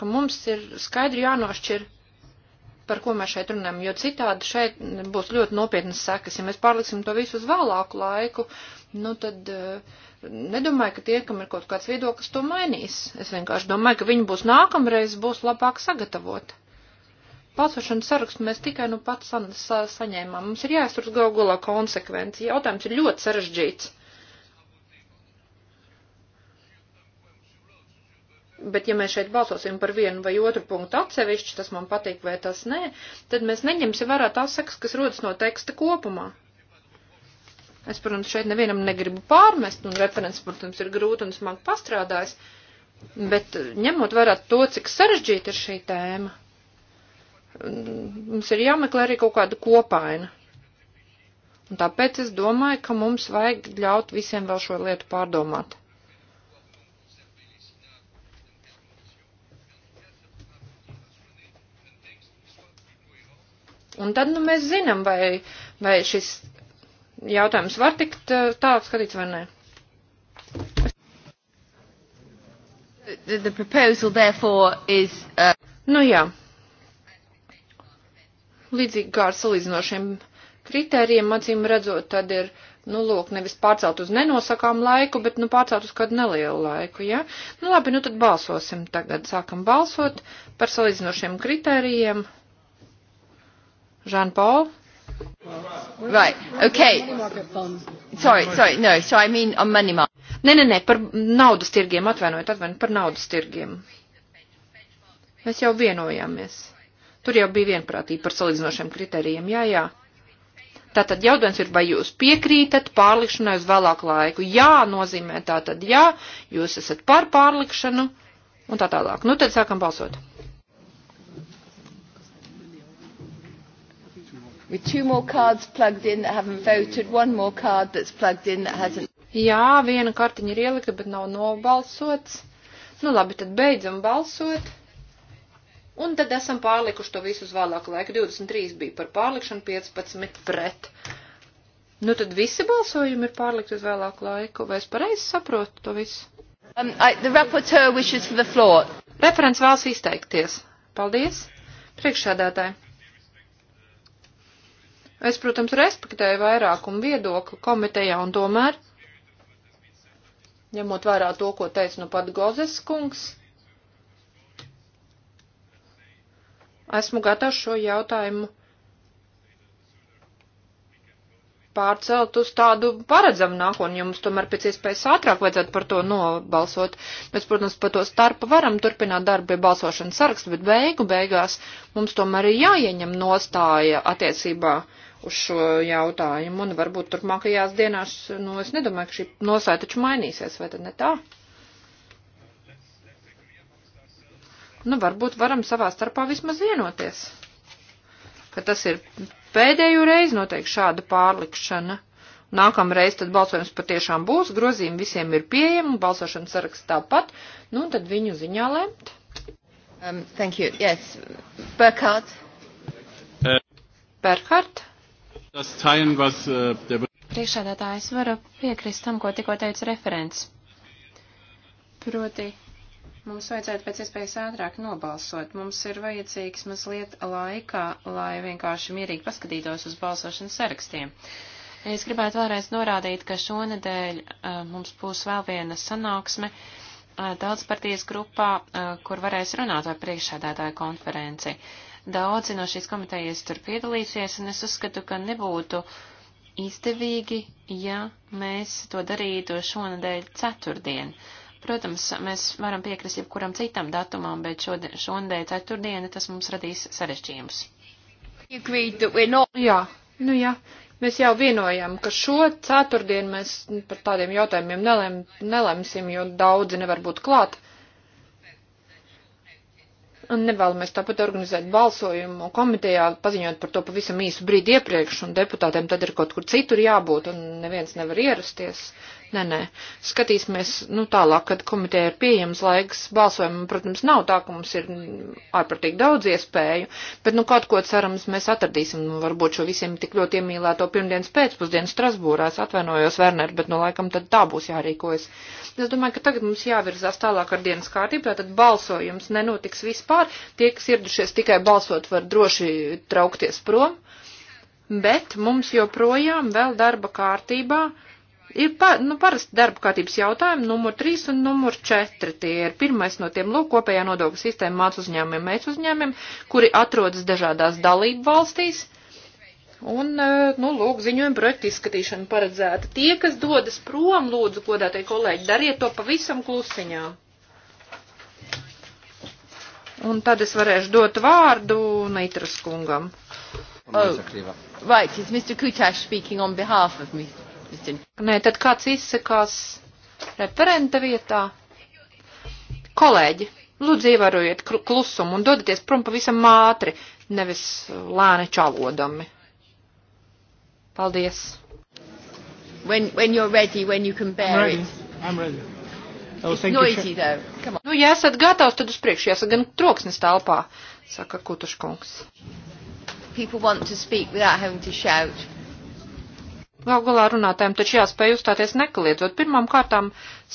ka mums ir skaidri jānošķir par ko mēs šeit runājam, jo citādi šeit būs ļoti nopietnas sekas. Ja mēs pārliksim to visu uz vēlāku laiku, nu tad eh, nedomāju, ka tie, kam ir kaut kāds viedoklis, to mainīs. Es vienkārši domāju, ka viņi būs nākamreiz, būs labāk sagatavoti. Balsošanas sarakstu mēs tikai nu pat sa sa saņēmām. Mums ir jāizturas gaugulā konsekvenci. Jautājums ir ļoti sarežģīts. bet ja mēs šeit balsosim par vienu vai otru punktu atsevišķi, tas man patīk vai tas nē, tad mēs neņemsim vērā tās sekas, kas rodas no teksta kopumā. Es, protams, šeit nevienam negribu pārmest, un referents, protams, ir grūti un smagi pastrādājis, bet eh, ņemot vērā to, cik sarežģīta ir šī tēma, mums ir jāmeklē arī kaut kāda kopaina. Un tāpēc es domāju, ka mums vajag ļaut visiem vēl šo lietu pārdomāt. Un tad, nu, mēs zinām, vai, vai šis jautājums var tikt eh, tāds skatīts vai nē. The, the proposal therefore is. Uh... Nu jā. Līdzīgi kā ar salīdzinošiem kritērijiem, acīm redzot, tad ir, nu, lūk, nevis pārcelt uz nenosakām laiku, bet, nu, pārcelt uz kādu nelielu laiku, jā. Ja? Nu, labi, nu tad balsosim tagad. Sākam balsot par salīdzinošiem kritērijiem. Jean Paul? Right, okay. Sorry, sorry, no, so I mean on money market. Nē, nē, nē, par naudas tirgiem, atvainojiet, atvainojiet, par naudas tirgiem. Mēs jau vienojāmies. Tur jau bija vienprātība par salīdzinošiem kritērijiem, jā, jā. Tātad jautājums ir, vai jūs piekrītat pārlikšanai uz vēlāku laiku? Jā, nozīmē tātad jā, jūs esat par pārlikšanu un tā tālāk. Nu, tad sākam balsot. with two more cards plugged in that haven't voted, one more card that's plugged in that hasn't. Jā, viena kartiņa ir ielika, bet nav nobalsots. Nu labi, tad beidzam balsot. Un tad esam pārlikuši to visu uz vēlāku laiku. 23 bija par pārlikšanu, 15 pret. Nu tad visi balsojumi ir pārlikt uz vēlāku laiku. Vai es pareizi saprotu to visu? Um, I, the rapporteur wishes for the floor. Referents vēlas izteikties. Paldies. Priekšsēdētāji. Es, protams, respektēju vairākumu viedokli komitejā un tomēr, ņemot vērā to, ko teica nu pat Gozes kungs, esmu gatavs šo jautājumu pārcelt uz tādu paredzamu nākotni, jo mums tomēr pēc iespējas ātrāk vajadzētu par to nobalsot. Mēs, protams, par to starpu varam turpināt darbu pie balsošanas saraksta, bet beigu beigās mums tomēr ir jāieņem nostāja attiecībā uz šo jautājumu, un varbūt turpmākajās dienās, nu, es nedomāju, ka šī nosēja taču mainīsies, vai tad ne tā? Nu, varbūt varam savā starpā vismaz vienoties, ka tas ir pēdējo reizi noteikti šāda pārlikšana. Nākamreiz tad balsojums patiešām būs, grozījumi visiem ir pieejami, balsošanas saraksts tāpat, nu, un tad viņu ziņā lemt. Um, thank you. Yes. Burkhardt. Uh. Burkhardt. Äh, Priekšādātājs varu piekrist tam, ko tikko teica referents. Proti, mums vajadzētu pēc iespējas ātrāk nobalsot. Mums ir vajadzīgs mazliet laikā, lai vienkārši mierīgi paskatītos uz balsošanas sarakstiem. Es gribētu vēlreiz norādīt, ka šonadēļ uh, mums būs vēl viena sanāksme uh, daudzpartijas grupā, uh, kur varēs runāt ar priekšsēdētāju konferenci. Uh, Daudzi no šīs komitejas tur piedalīsies, un es uzskatu, ka nebūtu izdevīgi, ja mēs to darītu šonadēļ ceturtdien. Protams, mēs varam piekrist jebkuram citam datumam, bet šonadēļ ceturtdiena tas mums radīs sarežģījumus. Nu jā, nu jā, mēs jau vienojām, ka šo ceturtdienu mēs par tādiem jautājumiem nelem, nelemsim, jo daudzi nevar būt klāt. Un nevēlamies tāpat organizēt balsojumu komitejā, paziņot par to pavisam īsu brīdi iepriekš, un deputātiem tad ir kaut kur citur jābūt, un neviens nevar ierasties. Uh, Nē, nē, skatīsimies, nu, tālāk, kad komiteja ir pieejams laiks balsojumam, protams, nav tā, ka mums ir ārprātīgi daudz iespēju, bet, nu, kaut ko cerams mēs atradīsim, nu, varbūt šo visiem tik ļoti iemīlēto pirmdienas pēcpusdienu Strasbūrā, es atvainojos, Werner, bet, nu, laikam tad tā būs jārīkojas. Es domāju, ka tagad mums jāvirzās tālāk ar dienas kārtību, tātad balsojums nenotiks vispār, tie, kas ieradušies tikai balsot, var droši traukties prom, bet mums joprojām vēl darba kārtībā Ir pa, nu, parasti darba kārtības jautājumi numur 3 un numur 4. Tie ir pirmais no tiem lūk kopējā nodokļu sistēma māc uzņēmumiem, mēs uzņēmumiem, kuri atrodas dažādās dalību valstīs. Un, eh, nu, lūk, ziņojuma projekta izskatīšana paredzēta. Tie, kas dodas prom, lūdzu, godātie kolēģi, dariet to pavisam klusiņā. Un tad es varēšu dot vārdu Neitras kungam. Oh, right, it's Mr. Kutash speaking on behalf of Mr. Nē, tad kāds izsakās referenta vietā. Kolēģi, lūdzu ievērojiet klusumu un dodaties prom pavisam ātri, nevis lēni čalodami. Paldies. When, when you're ready, when you can bear I'm ready. it. I'm ready. Oh, It's noisy, though. Come on. Nu, ja esat gatavs, tad uz priekšu, jāsaka gan troksnis telpā, saka Kutuškungs. People want to speak without having to shout. Gal galā runātājiem taču jāspēj uzstāties nekaliedzot. Pirmām kārtām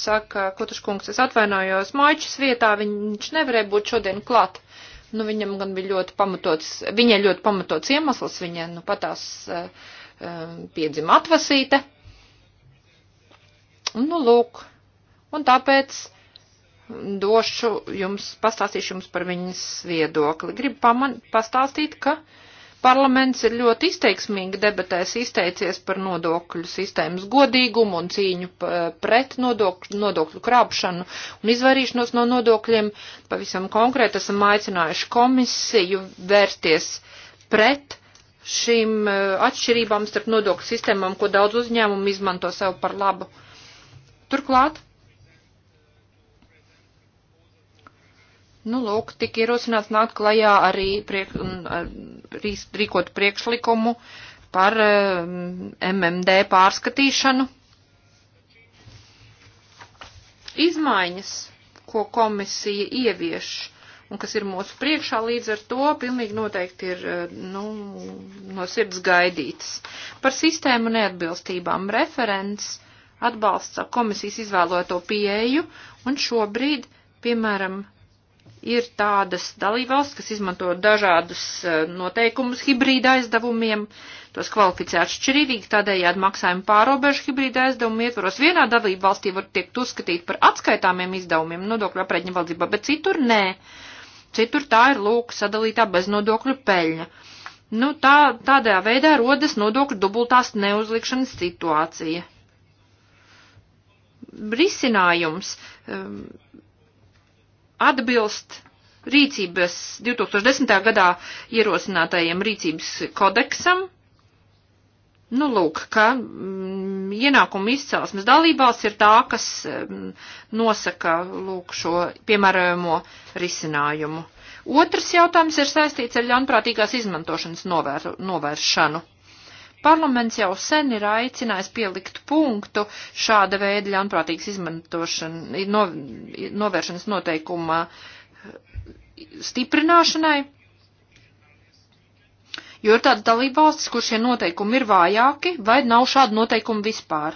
saka Kutuškungs, es atvainojos Maičis vietā, viņš nevarēja būt šodien klāt. Nu, viņam gan bija ļoti pamatots, viņai ļoti pamatots iemesls, viņai, nu, patās uh, eh, eh, piedzima atvasīte. Nu, lūk. Un tāpēc došu jums, pastāstīšu jums par viņas viedokli. Gribu paman, pastāstīt, ka. Uh, Parlaments ir ļoti izteiksmīgi debatēs izteicies par nodokļu sistēmas godīgumu un cīņu pret nodokļu, nodokļu krāpšanu un izvairīšanos no nodokļiem. Pavisam konkrēti esam aicinājuši komisiju vērsties pret šīm e, atšķirībām starp nodokļu sistēmām, ko daudz uzņēmumu izmanto sev par labu. Turklāt, nu lūk, tik ierosināts nākt klajā arī priek, ar rīkot priekšlikumu par MMD um, pārskatīšanu. Izmaiņas, ko komisija ievieš un kas ir mūsu priekšā līdz ar to, pilnīgi noteikti ir uh, nu, no sirds gaidītas. Par sistēmu neatbilstībām referents atbalsta komisijas izvēloto pieeju un šobrīd, piemēram, ir tādas dalībvalsts, kas izmanto dažādus eh, noteikumus hibrīda aizdevumiem, tos kvalificē atšķirīgi, tādējādi maksājumi pārobežu hibrīda aizdevumu ietvaros vienā dalībvalstī var tiekt uzskatīt par atskaitāmiem izdevumiem nodokļu aprēķina valdībā, bet citur nē. Citur tā ir lūk sadalītā bez nodokļu peļņa. Nu, tā, tādā veidā rodas nodokļu dubultās neuzlikšanas situācija. Risinājums. Um, atbilst rīcības 2010. gadā ierosinātajiem rīcības kodeksam. Nu, lūk, ka m, mm, ienākuma izcelsmes dalībās ir tā, kas m, mm, nosaka, lūk, šo piemērojamo risinājumu. Otrs jautājums ir saistīts ar ļaunprātīgās izmantošanas novēr, novēršanu. Parlaments jau sen ir aicinājis pielikt punktu šāda veida ļaunprātīgas izmantošana, no, novēršanas noteikuma eh, stiprināšanai, jo ir tāda dalība valstis, kur šie noteikumi ir vājāki vai nav šādu noteikumu vispār.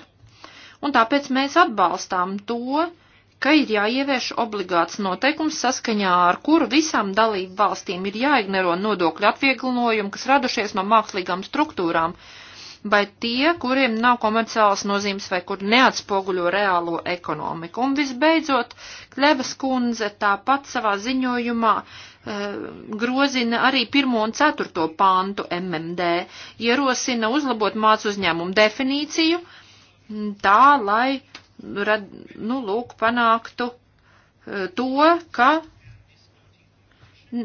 Un tāpēc mēs atbalstām to, ka ir jāievieš obligāts noteikums, saskaņā ar kuru visām dalību valstīm ir jāignoro nodokļu atvieglojumi, kas radušies no mākslīgām struktūrām, vai tie, kuriem nav komerciālas nozīmes vai kur neatspoguļo reālo ekonomiku. Un visbeidzot, Klevas kundze tāpat savā ziņojumā eh, grozina arī pirmo un ceturto pāntu MMD, ierosina uzlabot mācu uzņēmumu definīciju tā, lai rad, nu, lūk, panāktu e, to, ka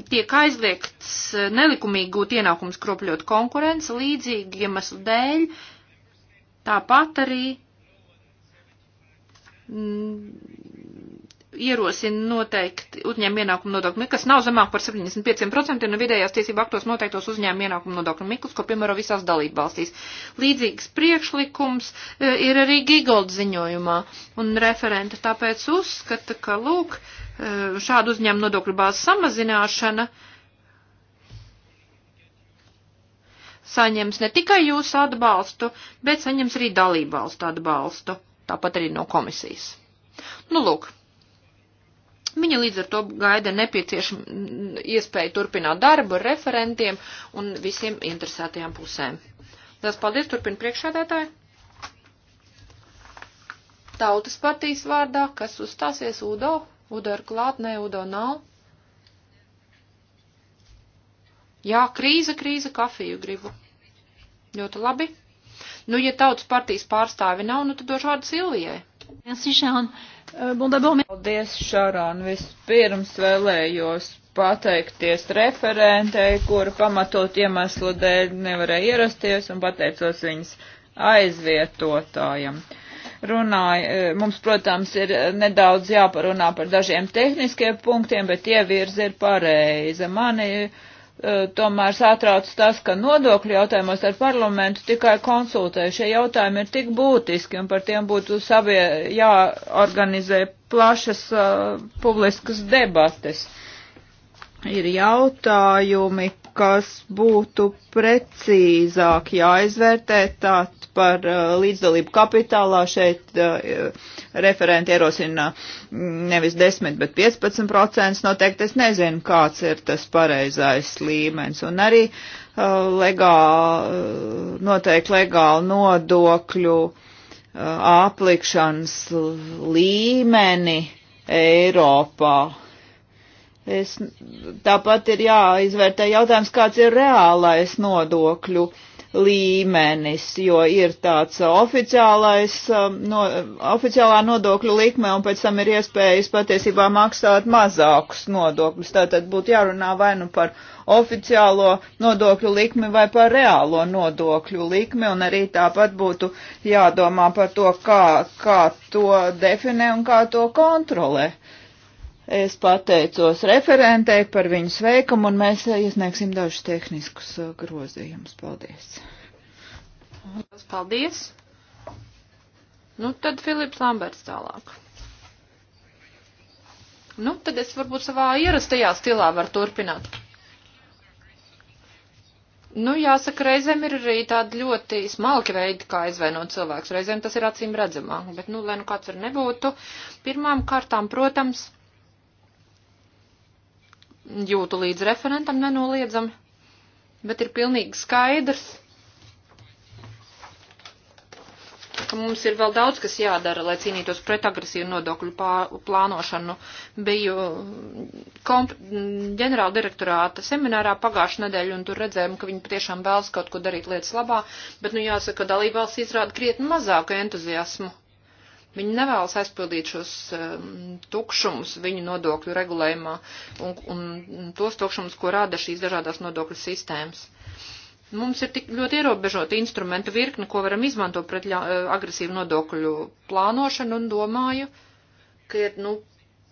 tiek aizliegts nelikumīgi gūt ienākums kropļot konkurence līdzīgi iemeslu dēļ, tāpat arī mm, ierosina noteikti uzņēmuma ienākuma nodokļu mikas, nav zemāk par 75% no vidējās tiesību aktos noteiktos uzņēmuma ienākuma nodokļu mikas, ko piemēro visās dalību valstīs. Līdzīgs priekšlikums e, ir arī Gigold ziņojumā, un referenta tāpēc uzskata, ka, lūk, e, šādu uzņēmuma nodokļu bāzes samazināšana saņems ne tikai jūsu atbalstu, bet saņems arī dalību valstu atbalstu, tāpat arī no komisijas. Nu, lūk, Viņa līdz ar to gaida nepieciešama iespēja turpināt darbu ar referentiem un visiem interesētajām pusēm. Lielas paldies, turpina priekšādātāji. Tautas partijas vārdā, kas uzstāsies Udo? Udo ir klāt, ne, Udo nav. Jā, krīze, krīze, kafiju gribu. Ļoti labi. Nu, ja tautas partijas pārstāvi nav, nu tad došu vārdu Silvijai. Merci, Sharon. Uh, Eh, bon, Paldies, Šarān. Vispirms vēlējos pateikties referentei, kura pamatot iemeslu dēļ nevarēja ierasties un pateicos viņas aizvietotājam. Runāja, eh, mums, protams, ir nedaudz jāparunā par dažiem tehniskiem punktiem, bet tie virzi ir pareiza. Mani uh, Eh, tomēr satrauc tas, ka nodokļu jautājumos ar parlamentu tikai konsultēju. Šie jautājumi ir tik būtiski un par tiem būtu savie jāorganizē plašas uh, publiskas debates. Ir jautājumi, kas būtu precīzāk jāizvērtē tāt par uh, līdzdalību kapitālā. Šeit uh, referenti ierosina mm, nevis 10, bet 15%. Noteikti es nezinu, kāds ir tas pareizais līmenis. Un arī uh, legāli, noteikti legāli nodokļu aplikšanas līmeni Eiropā Es, tāpat ir jāizvērtē jautājums, kāds ir reālais nodokļu līmenis, jo ir tāds oficiālais, um, no, oficiālā nodokļu likme un pēc tam ir iespējas patiesībā maksāt mazākus nodokļus. Tātad būtu jārunā vai nu par oficiālo nodokļu likmi vai par reālo nodokļu likmi, un arī tāpat būtu jādomā par to, kā, kā to definē un kā to kontrolē. Uh, Es pateicos referentei par viņas veikumu, un mēs iesniegsim dažus tehniskus uh, grozījumus. Paldies! Paldies! Nu, tad Filips Lamberts tālāk. Nu, tad es varbūt savā ierastajā stilā varu turpināt. Nu, jāsaka, reizēm ir arī tādi ļoti smalki veidi, kā aizvainot cilvēks. Reizēm tas ir acīm redzamāk, bet, nu, lai nu kāds ir nebūtu, pirmām kārtām, protams, jūtu līdz referentam nenoliedzami, bet ir pilnīgi skaidrs, ka mums ir vēl daudz, kas jādara, lai cīnītos pret agresīvu nodokļu pā, plānošanu. Biju komp, ģenerāla direktorāta seminārā pagājušā nedēļa, un tur redzējām, ka viņi patiešām vēlas kaut ko darīt lietas labā, bet, nu, jāsaka, dalībvalsts izrāda krietni mazāku entuziasmu Viņi nevēlas aizpildīt šos um, tukšumus viņu nodokļu regulējumā un, un tos tukšumus, ko rada šīs dažādās nodokļu sistēmas. Mums ir tik ļoti ierobežota instrumentu virkne, ko varam izmantot pret ļa, uh, agresīvu nodokļu plānošanu un domāju, ka ir nu,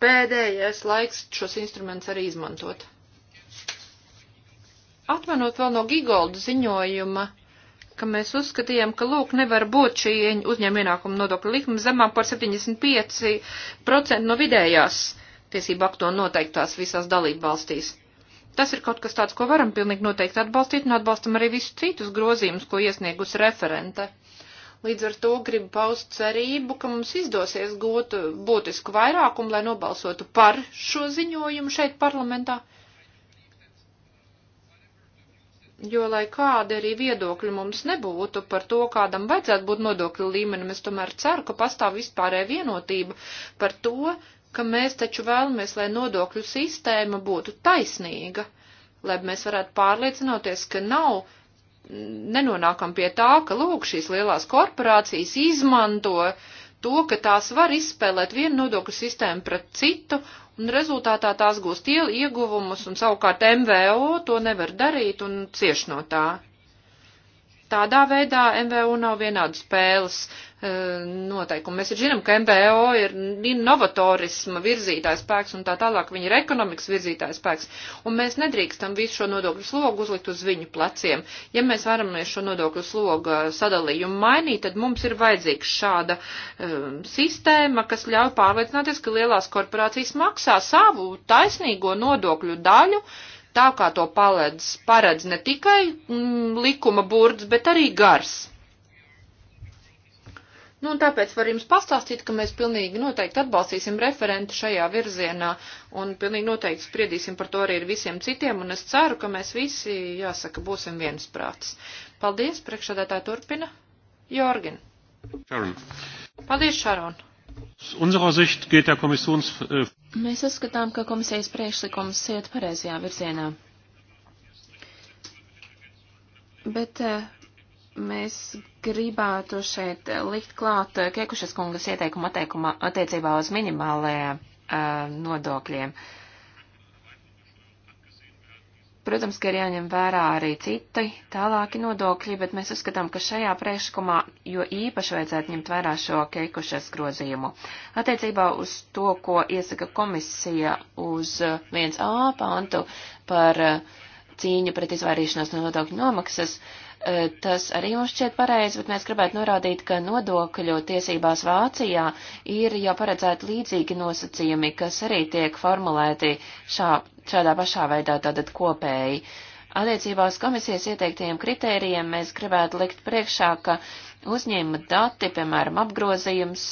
pēdējais laiks šos instrumentus arī izmantot. Atmanot vēl no Gigolda ziņojuma ka mēs uzskatījām, ka lūk, nevar būt šī uzņēmuma ienākuma nodokļa likuma zemāk par 75% no vidējās tiesību akto noteiktās visās dalību valstīs. Tas ir kaut kas tāds, ko varam pilnīgi noteikti atbalstīt, un atbalstam arī visus citus grozījumus, ko iesniegus referente. Līdz ar to gribu paust cerību, ka mums izdosies gūt būtisku vairākumu, lai nobalsotu par šo ziņojumu šeit parlamentā. Jo, lai kādi arī viedokļi mums nebūtu par to, kādam vajadzētu būt nodokļu līmenim, es tomēr ceru, ka pastāv vispārē vienotība par to, ka mēs taču vēlamies, lai nodokļu sistēma būtu taisnīga, lai mēs varētu pārliecinoties, ka nav, nenonākam pie tā, ka, lūk, šīs lielās korporācijas izmanto to, ka tās var izspēlēt vienu nodokļu sistēmu pret citu un rezultātā tās gūst ieguvumus, un savukārt MVO to nevar darīt un cieš no tā. Tādā veidā MVU nav vienādas spēles E, noteikumi. Mēs zinām, ka MBO ir novatorisma virzītājs spēks un tā tālāk, viņi ir ekonomikas virzītājs spēks, un mēs nedrīkstam visu šo nodokļu slogu uzlikt uz viņu pleciem. Ja mēs vēlamies šo nodokļu slogu sadalījumu mainīt, tad mums ir vajadzīga šāda um, sistēma, kas ļauj pārliecināties, ka lielās korporācijas maksā savu taisnīgo nodokļu daļu, tā kā to paredz, paredz ne tikai mm, likuma burds, bet arī gars. Nu, un tāpēc var jums pastāstīt, ka mēs pilnīgi noteikti atbalstīsim referentu šajā virzienā un pilnīgi noteikti spriedīsim par to arī ar visiem citiem, un es ceru, ka mēs visi, jāsaka, būsim viensprātis. Paldies, priekšsādātāja turpina. Jorgen. Sharon. Paldies, Šaron. Komisons... Äh, mēs uzskatām, ka komisijas priekšlikums iet pareizajā virzienā. Bet äh, Mēs gribētu šeit likt klāt Kiekušas kungas ieteikumu attiecībā uz minimālajiem uh, nodokļiem. Protams, ka ir jāņem vērā arī citi tālāki nodokļi, bet mēs uzskatām, ka šajā priekšlikumā jo īpaši vajadzētu ņemt vērā šo Keikušas grozījumu. Attiecībā uz to, ko iesaka komisija uz 1A pantu par eh, cīņu pret izvairīšanos no nodokļu nomaksas, uh, E, tas arī mums šķiet pareizi, bet mēs gribētu norādīt, ka nodokļu tiesībās Vācijā ir jau paredzēti līdzīgi nosacījumi, kas arī tiek formulēti šā, šādā pašā veidā tātad kopēji. Attiecībās komisijas ieteiktajiem kritērijiem mēs gribētu likt priekšā, ka uzņēmuma dati, piemēram, apgrozījums,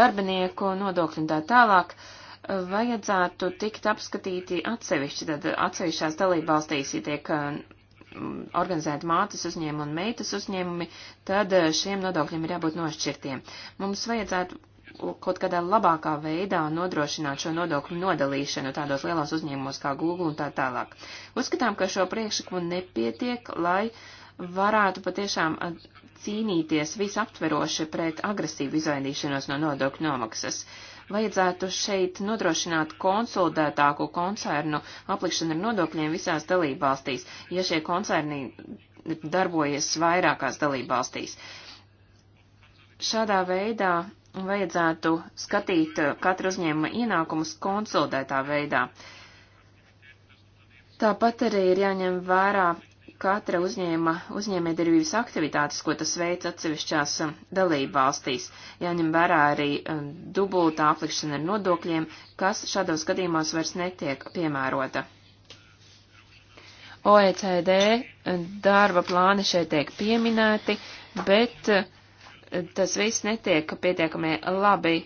darbinieku nodokļi un tā tālāk, uh, vajadzētu tikt apskatīti atsevišķi, tad atsevišķās dalībvalstīs, ja tiek uh, organizēti mātes uzņēmumi un meitas uzņēmumi, tad uh, šiem nodokļiem ir jābūt nošķirtiem. Mums vajadzētu kaut kādā labākā veidā nodrošināt šo nodokļu nodalīšanu tādos lielos uzņēmumos kā Google un tā tālāk. Uzskatām, ka šo priekšlikumu nepietiek, lai varētu patiešām uh, cīnīties visaptveroši pret agresīvu izvairīšanos no nodokļu nomaksas. Uh, vajadzētu šeit nodrošināt konsolidētāku koncernu aplikšanu ar nodokļiem visās dalībvalstīs, ja šie koncerni darbojas vairākās dalībvalstīs. Šādā veidā vajadzētu skatīt katru uzņēmuma ienākumus konsolidētā veidā. Tāpat arī ir jāņem vērā katra uzņēma uzņēmējdarbības aktivitātes, ko tas veids atsevišķās um, dalība valstīs, jāņem vērā arī um, dubultā aplikšana ar nodokļiem, kas šādos gadījumos vairs netiek piemērota. OECD um, darba plāni šeit tiek pieminēti, bet tas viss netiek pietiekami labi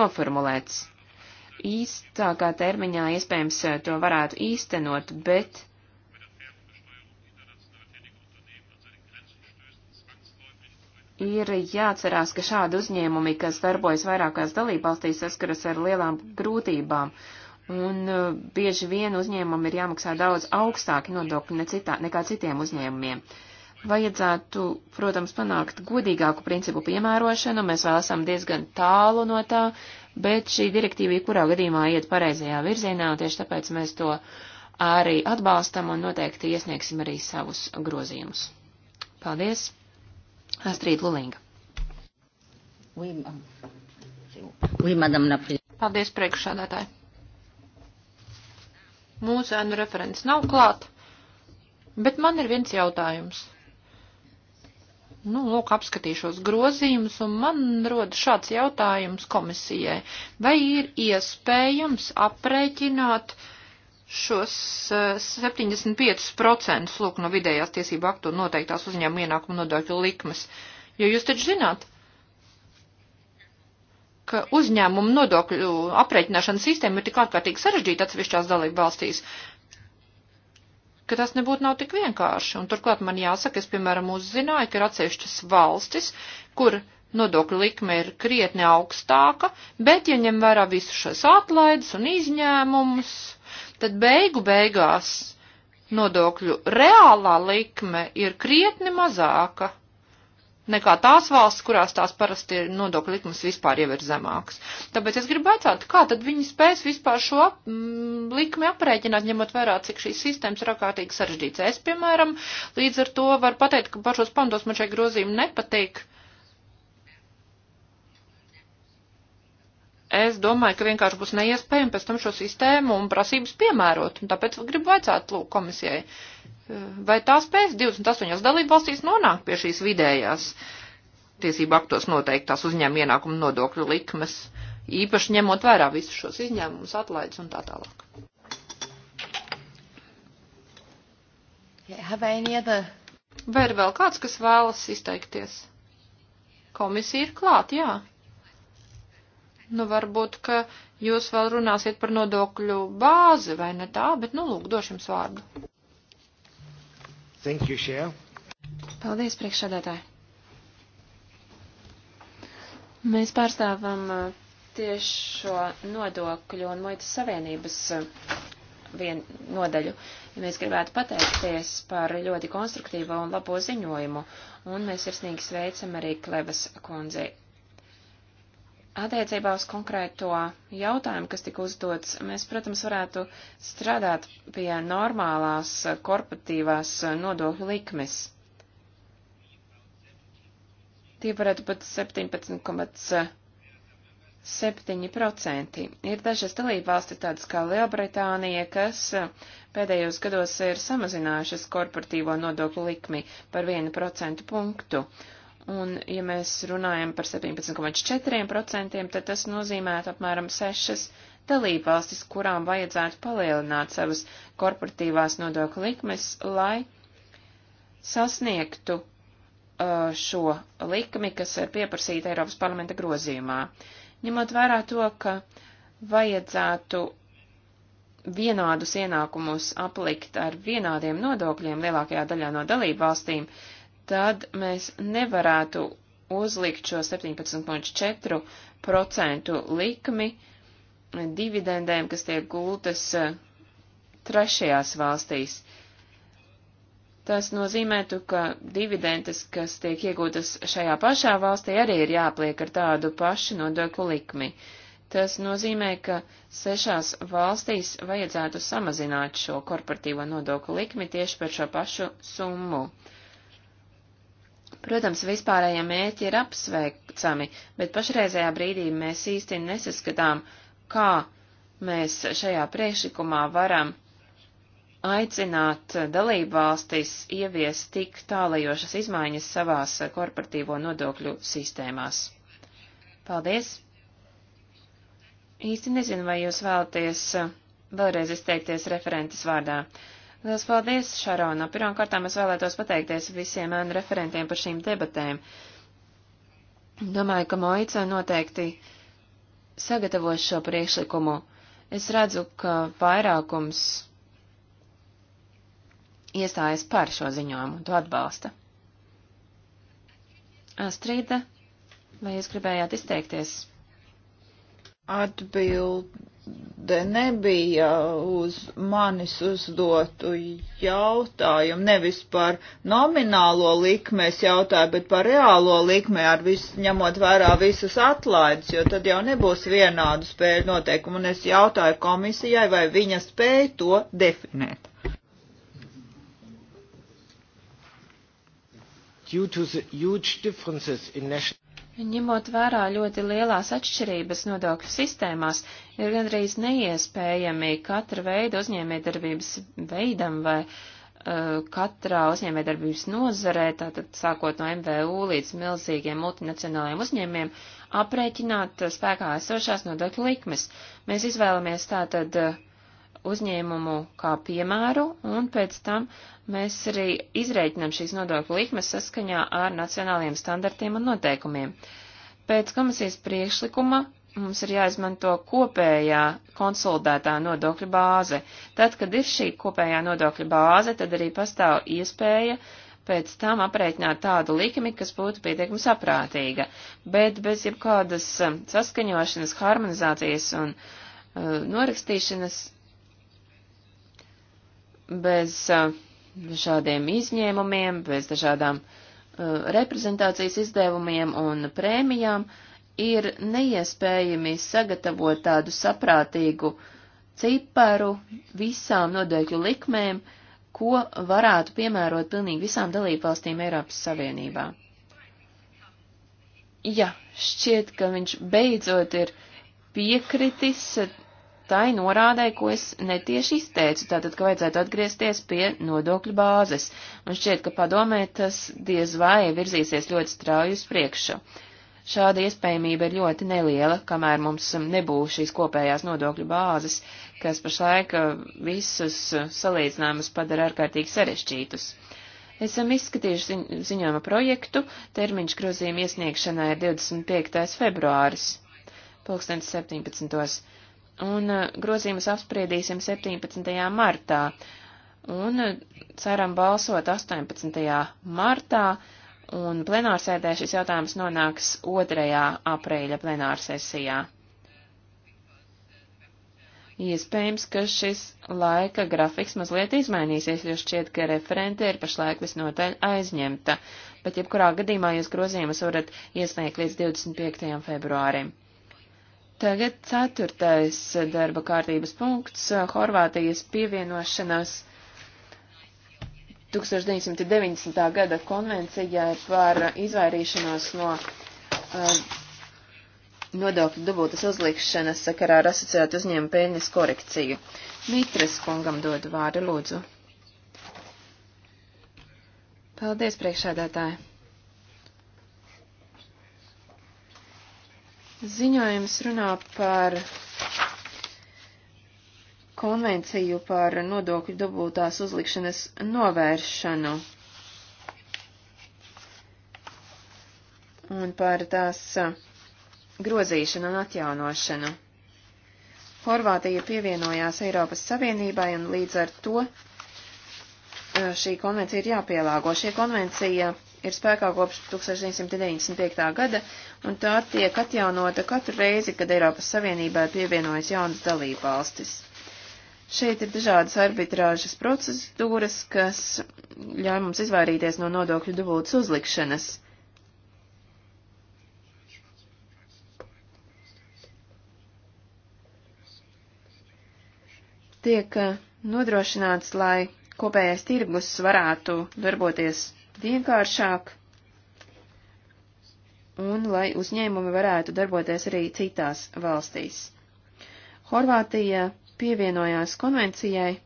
noformulēts. Īstākā termiņā iespējams to varētu īstenot, bet ir jāatcerās, ka šādi uzņēmumi, kas darbojas vairākās dalībvalstīs, saskaras ar lielām grūtībām, un uh, bieži vien uzņēmumam ir jāmaksā daudz augstāki nodokļi ne citā, nekā citiem uzņēmumiem. Vajadzētu, protams, panākt godīgāku principu piemērošanu, mēs vēl esam diezgan tālu no tā, bet šī direktīva jebkurā gadījumā iet pareizajā virzienā, un tieši tāpēc mēs to arī atbalstam un noteikti iesniegsim arī savus grozījumus. Paldies! Astrid Lulinga. Paldies, priekšsādātāji. Mūsu ēnu referents nav klāt, bet man ir viens jautājums. Nu, lūk, apskatīšos grozījumus, un man rodas šāds jautājums komisijai. Vai ir iespējams aprēķināt uh, šos 75% eh, lūk no vidējās tiesību aktu noteiktās uzņēmuma ienākuma nodokļu likmes. Jo jūs taču zināt, ka uzņēmuma nodokļu aprēķināšanas sistēma ir tik ārkārtīgi sarežģīta atsevišķās dalību valstīs, ka tas nebūtu nav tik vienkārši. Un turklāt man jāsaka, es, piemēram, uzzināju, ka ir atsevišķas valstis, kur nodokļu likme ir krietni augstāka, bet, ja ņem vērā visu šos atlaides un izņēmumus, uh, tad beigu beigās nodokļu reālā likme ir krietni mazāka nekā tās valsts, kurās tās parasti ir nodokļu likmes vispār jau ir zemāks. Tāpēc es gribu vaicāt, kā tad viņi spēs vispār šo ap, m, mm, likmi aprēķināt, ņemot vērā, cik šīs sistēmas ir ārkārtīgi sarežģīts. Es, piemēram, līdz ar to varu pateikt, ka par šos pandos man šai grozījumi nepatīk. Uh, es domāju, ka vienkārši būs neiespējami pēc tam šo sistēmu un prasības piemērot. Un tāpēc gribu vaicāt lūk komisijai, vai tā spējas 28 dalību valstīs nonākt pie šīs vidējās tiesību aktos noteiktās uzņēmuma ienākuma nodokļu likmes, īpaši ņemot vērā visus šos izņēmumus, atlaides un tā tālāk. Vai ir vēl kāds, kas vēlas izteikties? Komisija ir klāt, jā. Nu, varbūt, ka jūs vēl runāsiet par nodokļu bāzi, vai ne tā, bet, nu, lūk, došu jums vārdu. Thank you, Shea. Paldies, priekšsādātāji. Mēs pārstāvam uh, tiešo nodokļu un muitas savienības uh, vien nodaļu. Ja mēs gribētu pateikties par ļoti konstruktīvo un labo ziņojumu, un mēs sirsnīgi sveicam arī Klevas kundzi Attiecībā uz konkrēto jautājumu, kas tika uzdots, mēs, protams, varētu strādāt pie normālās korporatīvās nodokļu likmes. Tie varētu būt 17,7%. Ir dažas dalībvalsti tādas kā Lielbritānija, kas pēdējos gados ir samazinājušas korporatīvo nodokļu likmi par 1% punktu Un, ja mēs runājam par 17,4%, tad tas nozīmētu apmēram 6 dalību valstis, kurām vajadzētu palielināt savas korporatīvās nodokļu likmes, lai sasniegtu uh, šo likmi, kas ir pieprasīta Eiropas parlamenta grozījumā. Ņemot vērā to, ka vajadzētu vienādus ienākumus aplikt ar vienādiem nodokļiem lielākajā daļā no dalību valstīm, uh, tad mēs nevarētu uzlikt šo 17,4% likmi dividendēm, kas tiek gultas eh, trešajās valstīs. Tas nozīmētu, ka dividendes, kas tiek iegūtas šajā pašā valstī, arī ir jāpliek ar tādu pašu nodokļu likmi. Tas nozīmē, ka sešās valstīs vajadzētu samazināt šo korporatīvo nodokļu likmi tieši par šo pašu summu. Uh, Protams, vispārējie mērķi ir apsveicami, bet pašreizējā brīdī mēs īsti nesaskatām, kā mēs šajā priekšlikumā varam aicināt dalību valstis ieviest tik tālajošas izmaiņas savās korporatīvo nodokļu sistēmās. Paldies! Īsti nezinu, vai jūs vēlaties uh, vēlreiz izteikties referentes vārdā. Uh, Lielas paldies, Šarona. Pirmkārtām es vēlētos pateikties visiem ēnu referentiem par šīm debatēm. Domāju, ka Moica noteikti sagatavos šo priekšlikumu. Es redzu, ka vairākums iestājas par šo ziņojumu, to atbalsta. Astrīda, vai jūs gribējāt izteikties? Atbild atbilde nebija uz manis uzdotu jautājumu, nevis par nominālo likmēs jautāju, bet par reālo likmē ar visu, ņemot vērā visas atlaides, jo tad jau nebūs vienādu spēļu noteikumu, un es jautāju komisijai, vai viņa spēja to definēt. Due to the huge differences in national Ņemot vērā ļoti lielās atšķirības nodokļu sistēmās, ir gandrīz neiespējami katra veida uzņēmējdarbības veidam vai uh, katrā uzņēmējdarbības nozarē, tātad sākot no MVU līdz milzīgiem multinacionālajiem uzņēmiem, aprēķināt spēkā esošās nodokļu likmes. Mēs izvēlamies tātad uh, uzņēmumu kā piemēru, un pēc tam mēs arī izreikinām šīs nodokļu likmes saskaņā ar nacionālajiem standartiem un noteikumiem. Pēc komisijas priekšlikuma mums ir jāizmanto kopējā konsolidētā nodokļu bāze. Tad, kad ir šī kopējā nodokļu bāze, tad arī pastāv iespēja pēc tam aprēķināt tādu likmi, kas būtu pietiekami saprātīga, bet bez jebkādas um, saskaņošanas, harmonizācijas un uh, norakstīšanas bez šādiem eh, izņēmumiem, bez dažādām eh, reprezentācijas izdevumiem un prēmijām ir neiespējami sagatavot tādu saprātīgu ciparu visām nodokļu likmēm, ko varētu piemērot pilnīgi visām dalībvalstīm Eiropas Savienībā. Jā, šķiet, ka viņš beidzot ir piekritis tai norādēja, ko es netieši izteicu, tātad, ka vajadzētu atgriezties pie nodokļu bāzes, un šķiet, ka padomē tas diez vai virzīsies ļoti strauji uz priekšu. Šāda iespējamība ir ļoti neliela, kamēr mums nebūs šīs kopējās nodokļu bāzes, kas pašlaik uh, visus uh, salīdzinājumus padara ārkārtīgi sarešķītus. Esam izskatījuši ziņ ziņojuma projektu, termiņš grozījuma iesniegšanai ir 25. februāris, pulkstens 17 un eh, grozījumus apspriedīsim 17. martā, un eh, ceram balsot 18. martā, un plenārsēdē šis jautājums nonāks 2. aprīļa plenārsesijā. Iespējams, ka šis laika grafiks mazliet izmainīsies, jo šķiet, ka referente ir pašlaik visnotaļ aizņemta, bet jebkurā gadījumā jūs grozījumus varat iesniegt līdz 25. februārim. Tagad ceturtais darba kārtības punkts - Horvātijas pievienošanās 1990. gada konvencijai par izvairīšanos no uh, nodokļu dubultas uzlikšanas sakarā ar asociētu uzņēmumu peļņas korekciju. Mitras kungam dodu vārdu, lūdzu. Paldies, priekšādātāji! Ziņojums runā par konvenciju par nodokļu dubultās uzlikšanas novēršanu un par tās grozīšanu un atjaunošanu. Horvātija pievienojās Eiropas Savienībai un līdz ar to šī konvencija ir jāpielāgo. Šī konvencija ir spēkā kopš 1995. gada, un tā tiek atjaunota katru reizi, kad Eiropas Savienībai pievienojas jaunas dalībvalstis. Šeit ir dažādas arbitrāžas procedūras, kas ļauj mums izvairīties no nodokļu dubultas uzlikšanas. Tiek nodrošināts, lai kopējais tirgus varētu darboties vienkāršāk un lai uzņēmumi varētu darboties arī citās valstīs. Horvātija pievienojās konvencijai,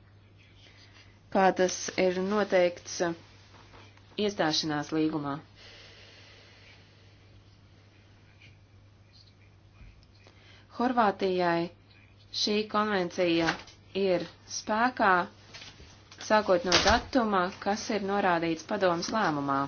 kā tas ir noteikts iestāšanās līgumā. Horvātijai šī konvencija ir spēkā sākot no datuma, kas ir norādīts padomas lēmumā.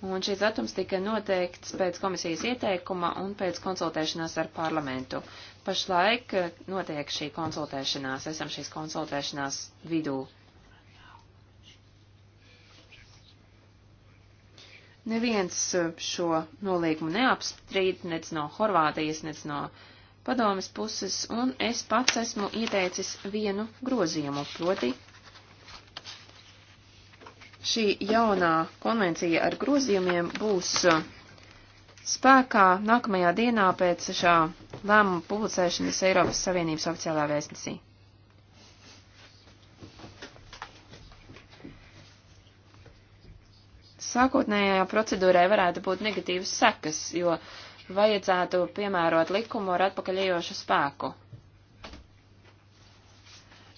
Un šis datums tika noteikts pēc komisijas ieteikuma un pēc konsultēšanās ar parlamentu. Pašlaik eh, notiek šī konsultēšanās, esam šīs konsultēšanās vidū. Neviens eh, šo nolīgumu neapstrīd, nec no Horvātijas, nec no uh, padomas puses, un es pats esmu ieteicis vienu grozījumu, proti šī jaunā konvencija ar grozījumiem būs uh, spēkā nākamajā dienā pēc šā lēmuma publicēšanas Eiropas Savienības oficiālā vēstnesī. Sākotnējā procedūrai varētu būt negatīvas sekas, jo uh, vajadzētu piemērot likumu ar atpakaļējošu spēku.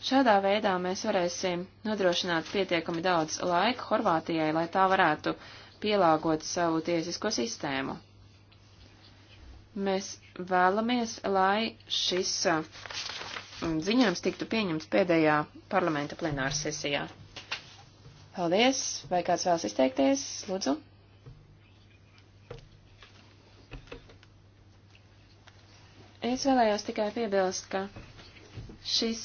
Šādā veidā mēs varēsim nodrošināt pietiekami daudz laika Horvātijai, lai tā varētu pielāgot savu tiesisko sistēmu. Mēs vēlamies, lai šis uh, ziņojums tiktu pieņemts pēdējā parlamenta plenāra sesijā. Paldies! Vai kāds vēlas izteikties? Lūdzu! Es vēlējos tikai piebilst, ka šis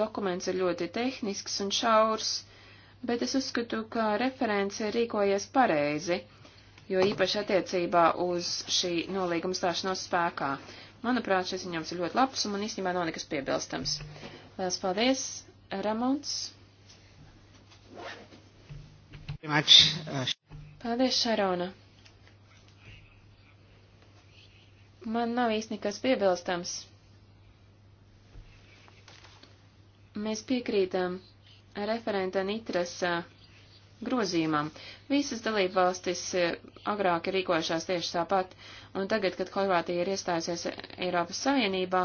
dokuments ir ļoti tehnisks un šaurs, bet es uzskatu, ka referents ir rīkojies pareizi, jo īpaši attiecībā uz šī nolīguma stāšanos spēkā. Manuprāt, šis viņams ir ļoti labs un man īstenībā nav nekas piebilstams. Lielas paldies, Ramons. Uh, paldies, Šarona. Man nav īsti nekas piebilstams. Mēs piekrītam referenta Nitras grozījumam. Visas dalība valstis agrāk ir rīkojušās tieši tāpat, un tagad, kad Horvātija ir iestājusies Eiropas Savienībā,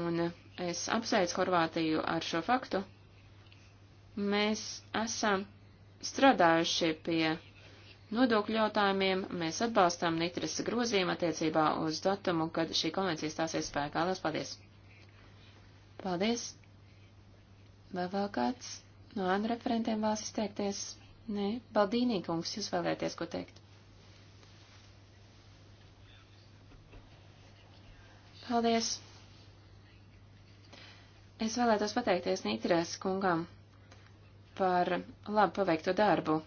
un es apsveicu Horvātiju ar šo faktu, mēs esam strādājuši pie Nodokļu jautājumiem mēs atbalstām Nitras grozījumu attiecībā uz datumu, kad šī konvencija stāsies spēkā. Lielas paldies! Paldies! Vai vēl kāds no ANU referentiem vēlas izteikties? Nē, Baldīnī kungs, jūs vēlēties ko teikt? Paldies! Es vēlētos pateikties Nitras kungam par labu paveikto darbu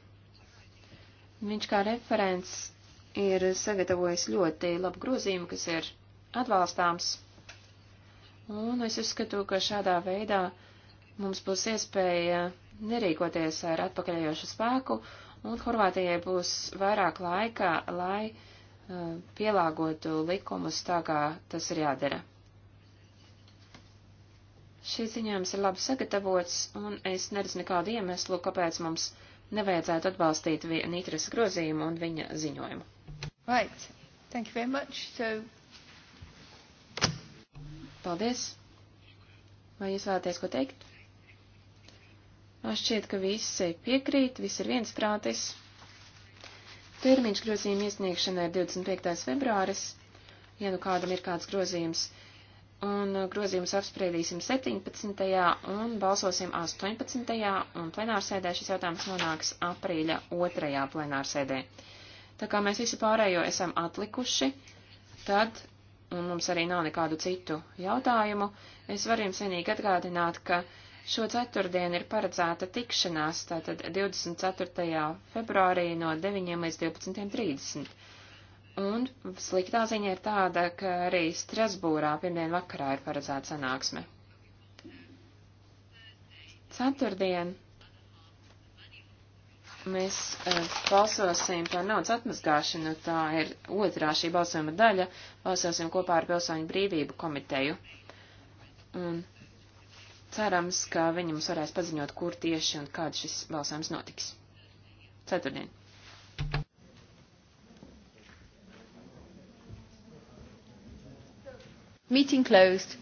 Viņš kā referents ir sagatavojis ļoti labu grozījumu, kas ir atbalstāms. Un es uzskatu, ka šādā veidā mums būs iespēja nerīkoties ar atpakaļējošu spēku, un Horvātijai būs vairāk laika, lai uh, pielāgotu likumus tā, kā tas ir jādara. Šī ziņojums ir labi sagatavots, un es neredzu nekādu iemeslu, kāpēc mums nevajadzētu atbalstīt Nitras grozījumu un viņa ziņojumu. Right. Thank you very much. So... Paldies. Vai jūs vēlaties ko teikt? Man šķiet, ka visi piekrīt, viss ir viensprātis. Termiņš grozījuma iesniegšanai ir 25. februāris. Ja nu kādam ir kāds grozījums, un uh, grozījumus apspriedīsim 17. un balsosim 18. un plenārsēdē šis jautājums nonāks aprīļa 2. plenārsēdē. Tā kā mēs visu pārējo esam atlikuši, tad, un mums arī nav nekādu citu jautājumu, es varu jums vienīgi atgādināt, ka šo ceturtdienu ir paredzēta tikšanās, tātad 24. februārī no 9 līdz 12.30. Un sliktā ziņa ir tāda, ka arī Strasbūrā pirmdien vakarā ir paredzēta sanāksme. Ceturtdien mēs eh, balsosim par naudas atmazgāšanu, tā ir otrā šī balsojuma daļa, balsosim kopā ar Pilsoņu brīvību komiteju. Un cerams, ka viņi mums varēs paziņot, kur tieši un kad šis balsojums notiks. Ceturtdien. meeting closed.